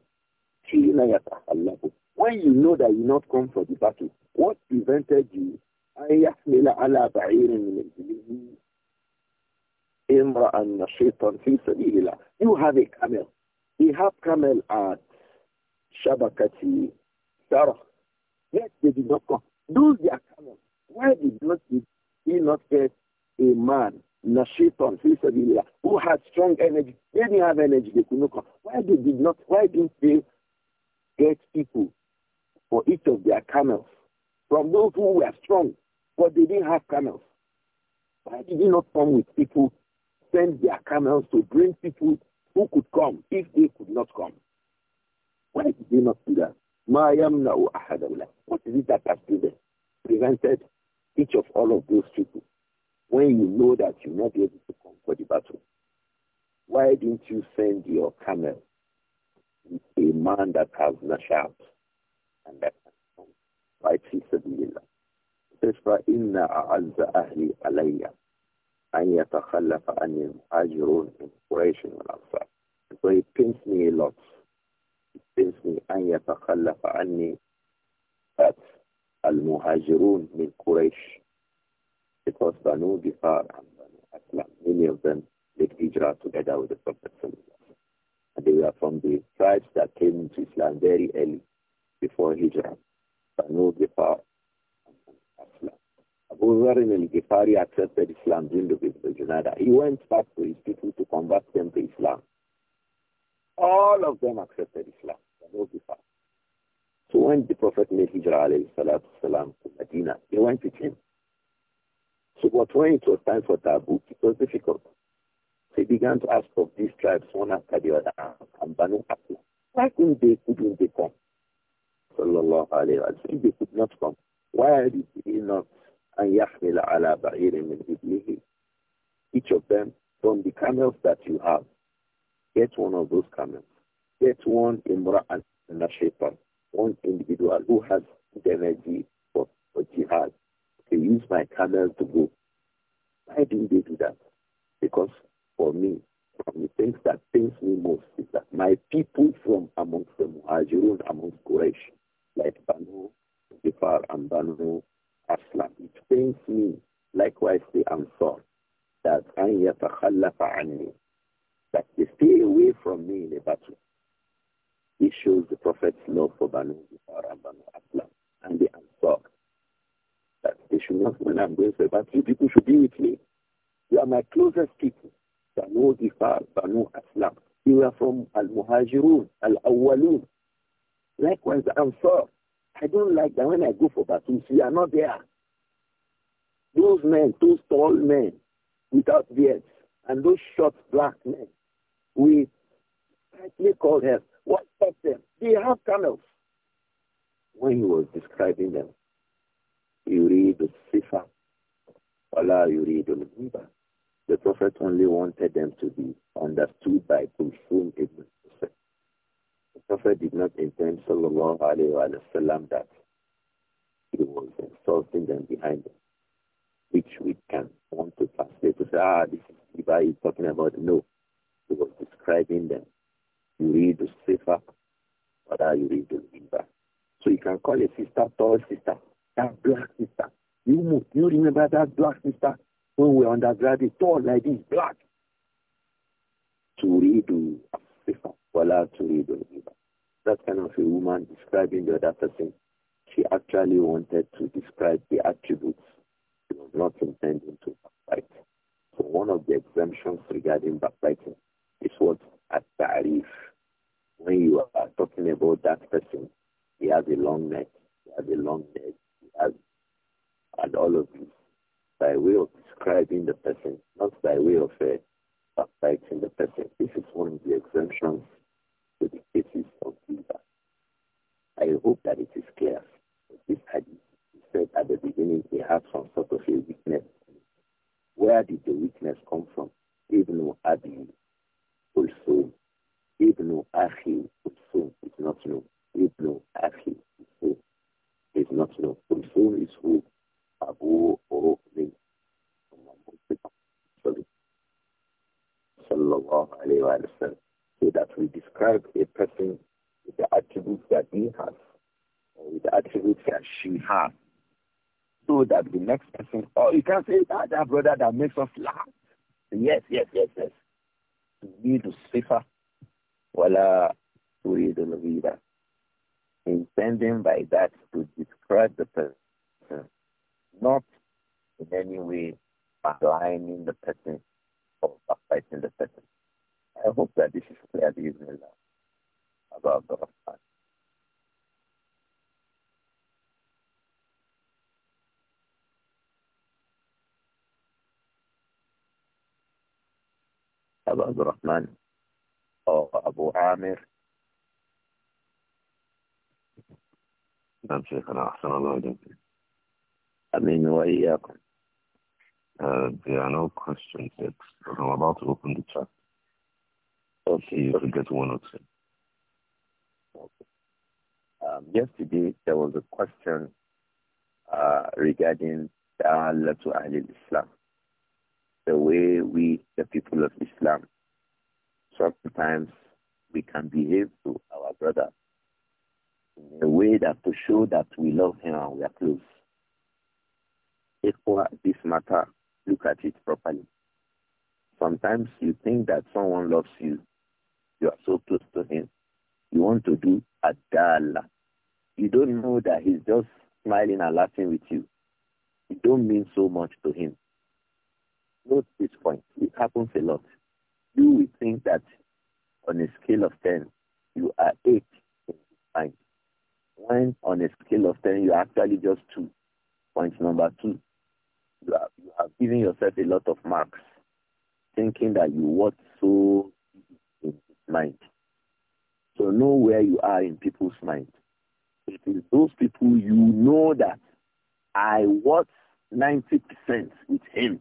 When you know that you not come for the battle, what prevented you أن يحمل على بعير من نشيطا في سبيل الله. You have a camel. We have camel at Shabakati Sarah. Yes, they did not come. Those are camels. Why did not he not get a man, Nashiton, fi sabilillah, who had strong energy? They didn't have energy. They could not come. Why they did not? Why didn't they get people for each of their camels from those who were strong but they didn't have camels. Why did he not come with people, send their camels to bring people who could come if they could not come? Why did they not do that? What is it that has prevented each of all of those people when you know that you're not able to come for the battle? Why didn't you send your camel with a man that has nashat and that can come fight his ability? says, فَإِنَّ أَعَزَّ أَهْلِي عَلَيَّ أَنْ يَتَخَلَّفَ أَنِّي مُهَاجِرُونَ مِنْ قُرَيْشٍ وَالْأَنْصَارِ So it pins me a lot. It pins me أَنْ يَتَخَلَّفَ عني that المهاجرون من قريش because Banu Bifar and Banu Aslam, many of them did hijrah together with the Prophet And they were from the tribes that came into Islam very early before hijrah. Banu Bifar Abu Dharr al-Ghifari accepted Islam during the Bible Janada. He went back to his people to convert them to Islam. All of them accepted Islam. No Ghifar. So when the Prophet made Hijrah alayhi salam to Medina, he went with him. So but when it was time for Tabuk, it was difficult. So he began to ask of these tribes one after the other, and Banu Akla. Why couldn't they, couldn't they come? Sallallahu alayhi wa If they could not come, why did they not each of them from the camels that you have get one of those camels get one imra and nashaitan one individual who has the energy for, for jihad to use my camel to go why didn't they do that because for me from the things that pains me most is that my people from amongst the Muhajirun, amongst Quraysh, like Banu Zifar and Banu Aslam. It pains me, likewise the Ansar, that that they stay away from me in a battle. It shows the Prophet's love for Banu Zufar and Banu Aslam and the Ansar. That they should not, when I'm going to a battle, people should be with me. You are my closest people. Banu Zufar, Banu Aslam. You are from Al-Muhajirun, Al-Awwalun. Likewise, the Ansar. I don't like that when I go for battles, we are not there. Those men, those tall men without beards, and those short black men with tightly called hair, what about them? They have camels. When he was describing them, you read the sifa, Allah, you read the Muba. The Prophet only wanted them to be understood by Kulsum ibn Prophet did not intend, sallallahu alayhi wa sallam, that he was insulting them behind them, which we can want to translate to say, ah, this is Iba He's talking about. No, he was describing them. You read the Sifa, or you read the Iba. So you can call a sister tall sister, that black sister. You you remember that black sister when we were undergraduate, tall like this, black. To read the Sifa, or to read the Iba that kind of a woman describing the other person, she actually wanted to describe the attributes she was not intending to backbite. So one of the exemptions regarding backbiting is what at tarif. When you are talking about that person, he has a long neck, he has a long neck, he has, and all of this by way of describing the person, not by way of a uh, backbiting the person. This is one of the exemptions to the cases I hope that it is clear. This hadith said at the beginning he had some sort of a weakness. Where did the weakness come from? Ibn Abi also. Ibn Akhi also is not known. Ibn Akhi also is not known. Also is who? Abu Rukmin. Sallallahu alayhi wa sallam. So that we describe a person attributes that he has, or with the attributes that she has, so that the next person, or you can say that that brother that makes us laugh. Yes, yes, yes, yes. Need to sifa, wala read the vida. Intending by that to describe the person, not in any way aligning the person or backbiting the person. I hope that this is clear to you Abu Abdurrahman. Abu Abdurrahman or Abu Amir. Uh, there are no questions yet. But I'm about to open the chat. Okay. You get one or two also. Um, yesterday, there was a question uh, regarding Da'alatu Islam, the way we, the people of Islam, sometimes we can behave to our brother in a way that to show that we love him and we are close. for this matter, look at it properly. Sometimes you think that someone loves you, you are so close to him, you want to do adala. You don't know that he's just smiling and laughing with you. It don't mean so much to him. Note this point. It happens a lot. You will think that on a scale of 10, you are 8 in mind. When on a scale of 10, you are actually just 2. Point number 2. You, you have given yourself a lot of marks, thinking that you worth so in his mind. So know where you are in people's mind. It is those people you know that I watch 90% with him.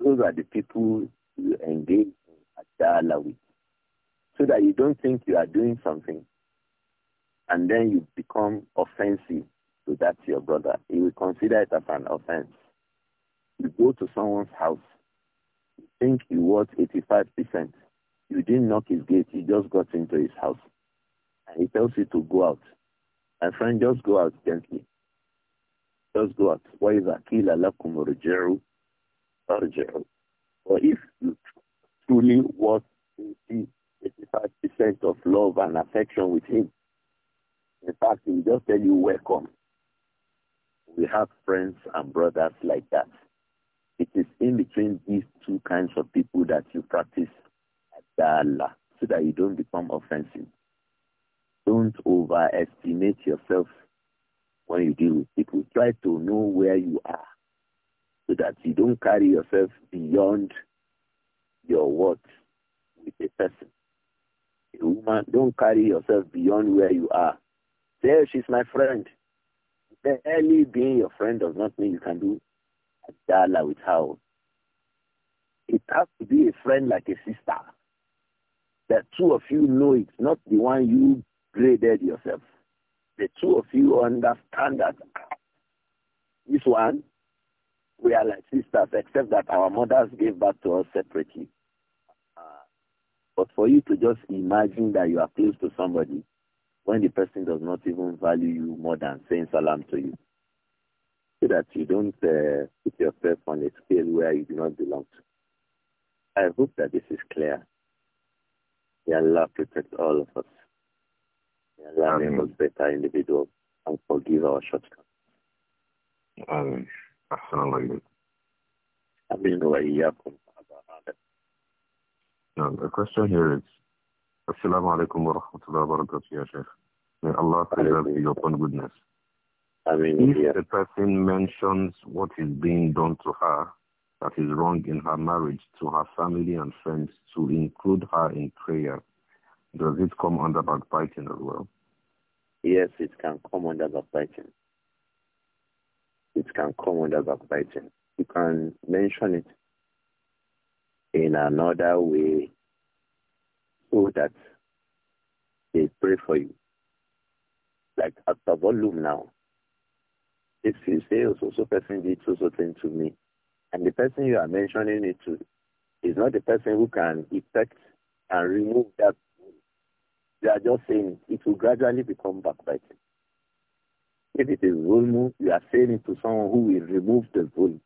Those are the people you engage in Adala with. So that you don't think you are doing something and then you become offensive to that your brother. He will consider it as an offense. You go to someone's house, you think you watch 85%. You didn't knock his gate. You just got into his house. And he tells you to go out. My friend, just go out gently. Just go out. وَإِذَا قِيلَ لَكُمْ رُجِعُوا رُجِعُوا Or if you truly was 85% of love and affection with him, in fact, he just tell you welcome. We have friends and brothers like that. It is in between these two kinds of people that you practice dalla so that you don't become offensive. Don't overestimate yourself when you deal with people. Try to know where you are so that you don't carry yourself beyond your worth with a person. A woman, don't carry yourself beyond where you are. Say, she's my friend. Barely being your friend does not mean you can do a dialogue with her. It has to be a friend like a sister that two of you know it, not the one you graded yourself. The two of you understand that this one, we are like sisters, except that our mothers gave birth to us separately. Uh, but for you to just imagine that you are close to somebody when the person does not even value you more than saying salam to you, so that you don't uh, put yourself on a scale where you do not belong to. I hope that this is clear. May Allah protect all of us. May Allah make us better individuals and forgive our shortcomings. Amen. Assalamu alaikum. Amin wa Now, the question here is, Assalamu alaikum wa rahmatullahi wa barakatuh, Ya Sheikh. May Allah preserve you upon goodness. I mean, if the person mentions what is being done to her that is wrong in her marriage to her family and friends to include her in prayer, does it come under backbiting as well? Yes, it can come under backbiting. It can come under backbiting. You can mention it in another way so that they pray for you. Like at the volume now. If you say, oh, so, so person did so, so thing to me, and the person you are mentioning it to is not the person who can effect and remove that. They are just saying it will gradually become backbiting. If it is zulm, you are saying it to someone who will remove the zulm.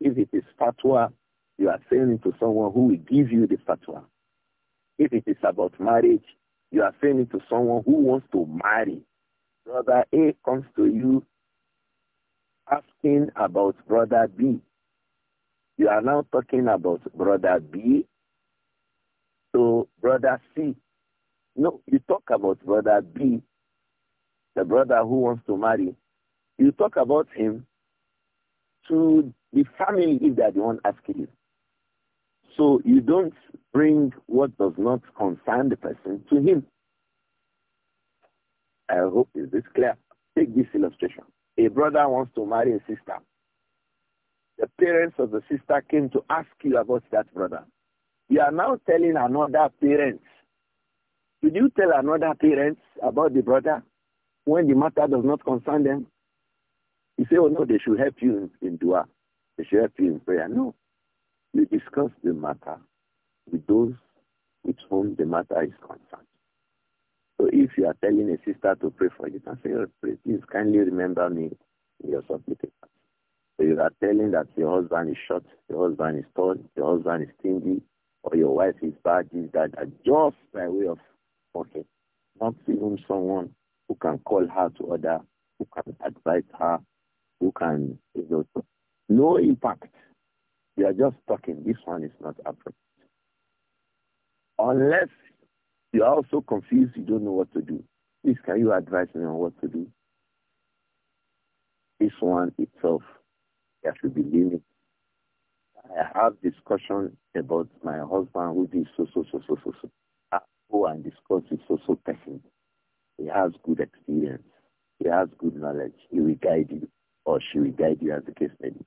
If it is fatwa, you are saying it to someone who will give you the fatwa. If it is about marriage, you are saying it to someone who wants to marry. Brother A comes to you asking about brother B. You are now talking about brother B to brother C. No, you talk about brother B, the brother who wants to marry. You talk about him to the family if they are the one asking you. So you don't bring what does not concern the person to him. I hope is this clear. Take this illustration. A brother wants to marry a sister. The parents of the sister came to ask you about that brother. You are now telling another parent. Did you tell another parent about the brother when the matter does not concern them? You say, oh no, they should help you in, in dua. They should help you in prayer. No. You discuss the matter with those with whom the matter is concerned. So if you are telling a sister to pray for you, you can say, oh, please kindly remember me in your supplication. So you are telling that your husband is short, your husband is tall, your husband is stingy, or your wife is bad, this, that, that just by way of talking. Not even someone who can call her to order, who can advise her, who can, you know, no impact. You are just talking. This one is not appropriate. Unless you are also confused, you don't know what to do. Please, can you advise me on what to do? This one itself there should be limits. I have discussion about my husband who is so, so, so, so, so, so. I go and discuss with so, so person. He has good experience. He has good knowledge. He will guide you or she will guide you as the case may be.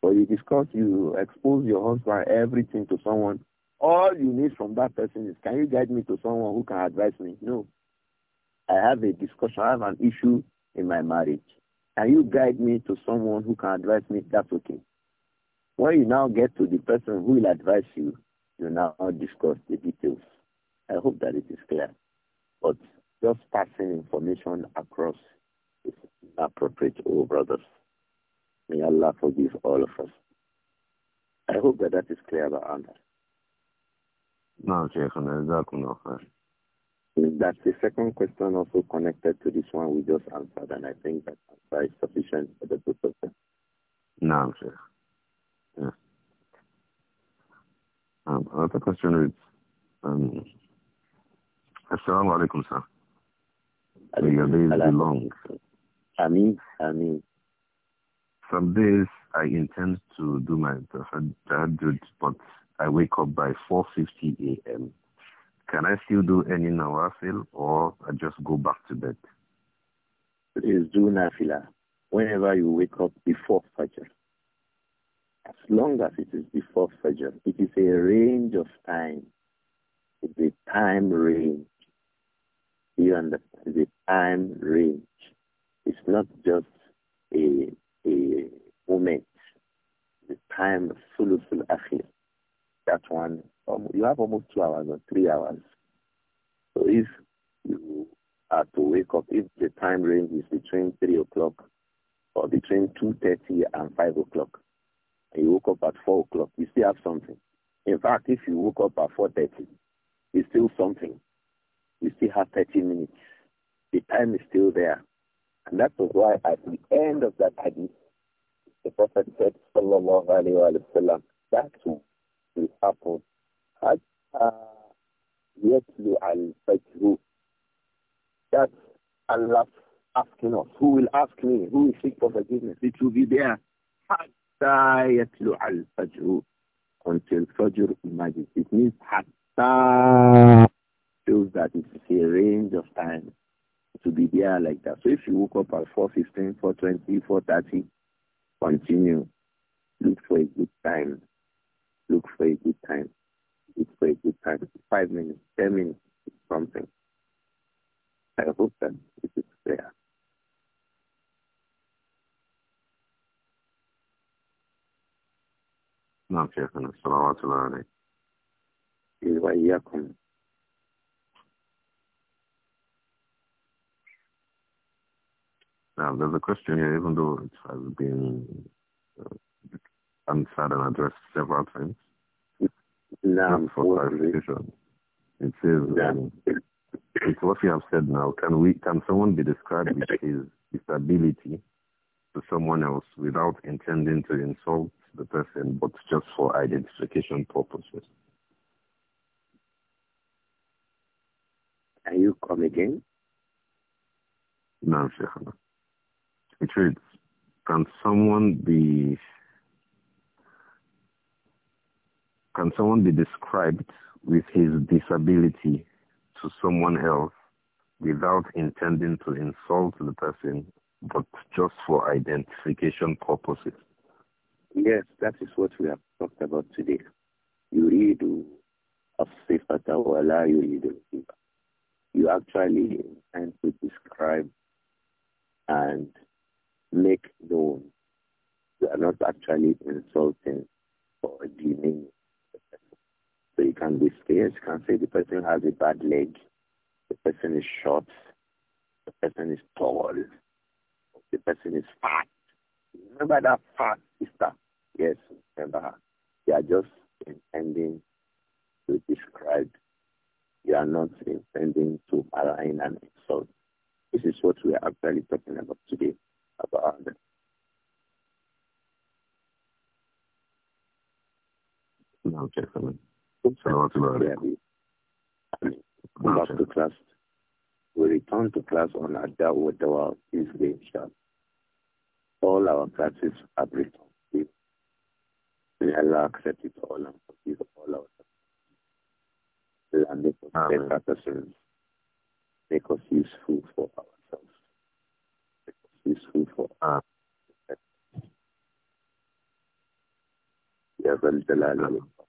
But you discuss, you expose your husband, everything to someone. All you need from that person is, can you guide me to someone who can advise me? No. I have a discussion, I have an issue in my marriage. Can you guide me to someone who can advise me? That's okay. When you now get to the person who will advise you, you now discuss the details. I hope that it is clear. But just passing information across is appropriate, oh brothers. May Allah forgive all of us. I hope that that is clear about Anna. No, Sheikh, that's the second question also connected to this one we just answered, and I think that answer is sufficient for the both of them. No, sir. Yeah. Um, another question reads, um, Assalamu alaikum, sir. May your days be long. I mean. Some days I intend to do my tahajjud, but I wake up by 4.50 a.m. Can I still do any nawafil or I just go back to bed? Please do nafila whenever you wake up before Fajr. As long as it is before Fajr, it is a range of time. It's a time range. You understand? It's a time range. It's not just a, a moment. The time, Sulusul Akhir. That one you have almost two hours or three hours. So if you are to wake up, if the time range is between 3 o'clock or between 2.30 and 5 o'clock, and you woke up at 4 o'clock, you still have something. In fact, if you woke up at 4.30, it's still something. You still have 30 minutes. The time is still there. And that was why at the end of that hadith, the Prophet said, Sallallahu Alaihi Wasallam, that will happen Hatta yatlu al-fajr. That's Allah asking us. Who will ask me? Who will seek for forgiveness? It will be there. Hatta yatlu al-fajr. Until Fajr emerges. It means Hatta shows that it's a range of time to be there like that. So if you woke up at 4.15, 4.20, 4.30, continue. Look for a good time. Look for a good time. It's for a good time. Five minutes, ten minutes, something. I hope that it is clear. نعم شيخنا الصلوات الله عليه وإياكم Now, there's a question here, even though it has been uh, answered and addressed several times. No for it says um, it's what we have said now. Can we? Can someone be described with his disability to someone else without intending to insult the person, but just for identification purposes? Can you come again? No, Sheikh. It reads, can someone be Can someone be described with his disability to someone else without intending to insult the person, but just for identification purposes? Yes, that is what we have talked about today. Yuridu as You actually intend to describe and make known. You are not actually insulting or demeaning. So you can be fair. You can say the person has a bad leg. The person is short. The person is tall. The person is fat. Remember that fat sister? Yes, remember her. You are just intending to describe. You are not intending to align and insult. This is what we are actually talking about today, about No, definitely. Shout out to Back to class. We return to class on Adawa Dawa Tuesday, sharp. All our classes are returned. May Allah accept it all and forgive all our sins. And make us better Make us useful for ourselves. Make us useful for ah. our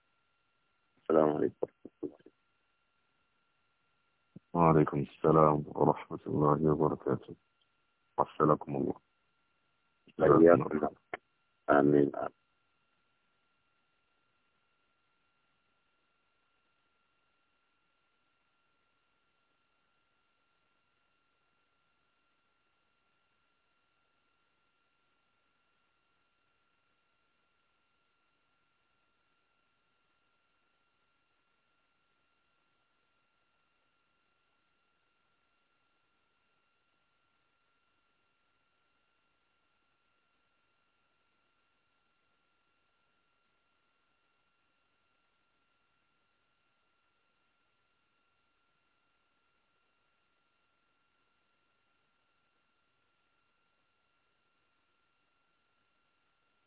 السلام عليكم ورحمة الله وعليكم السلام ورحمة الله وبركاته وحسنكم الله آمين آمين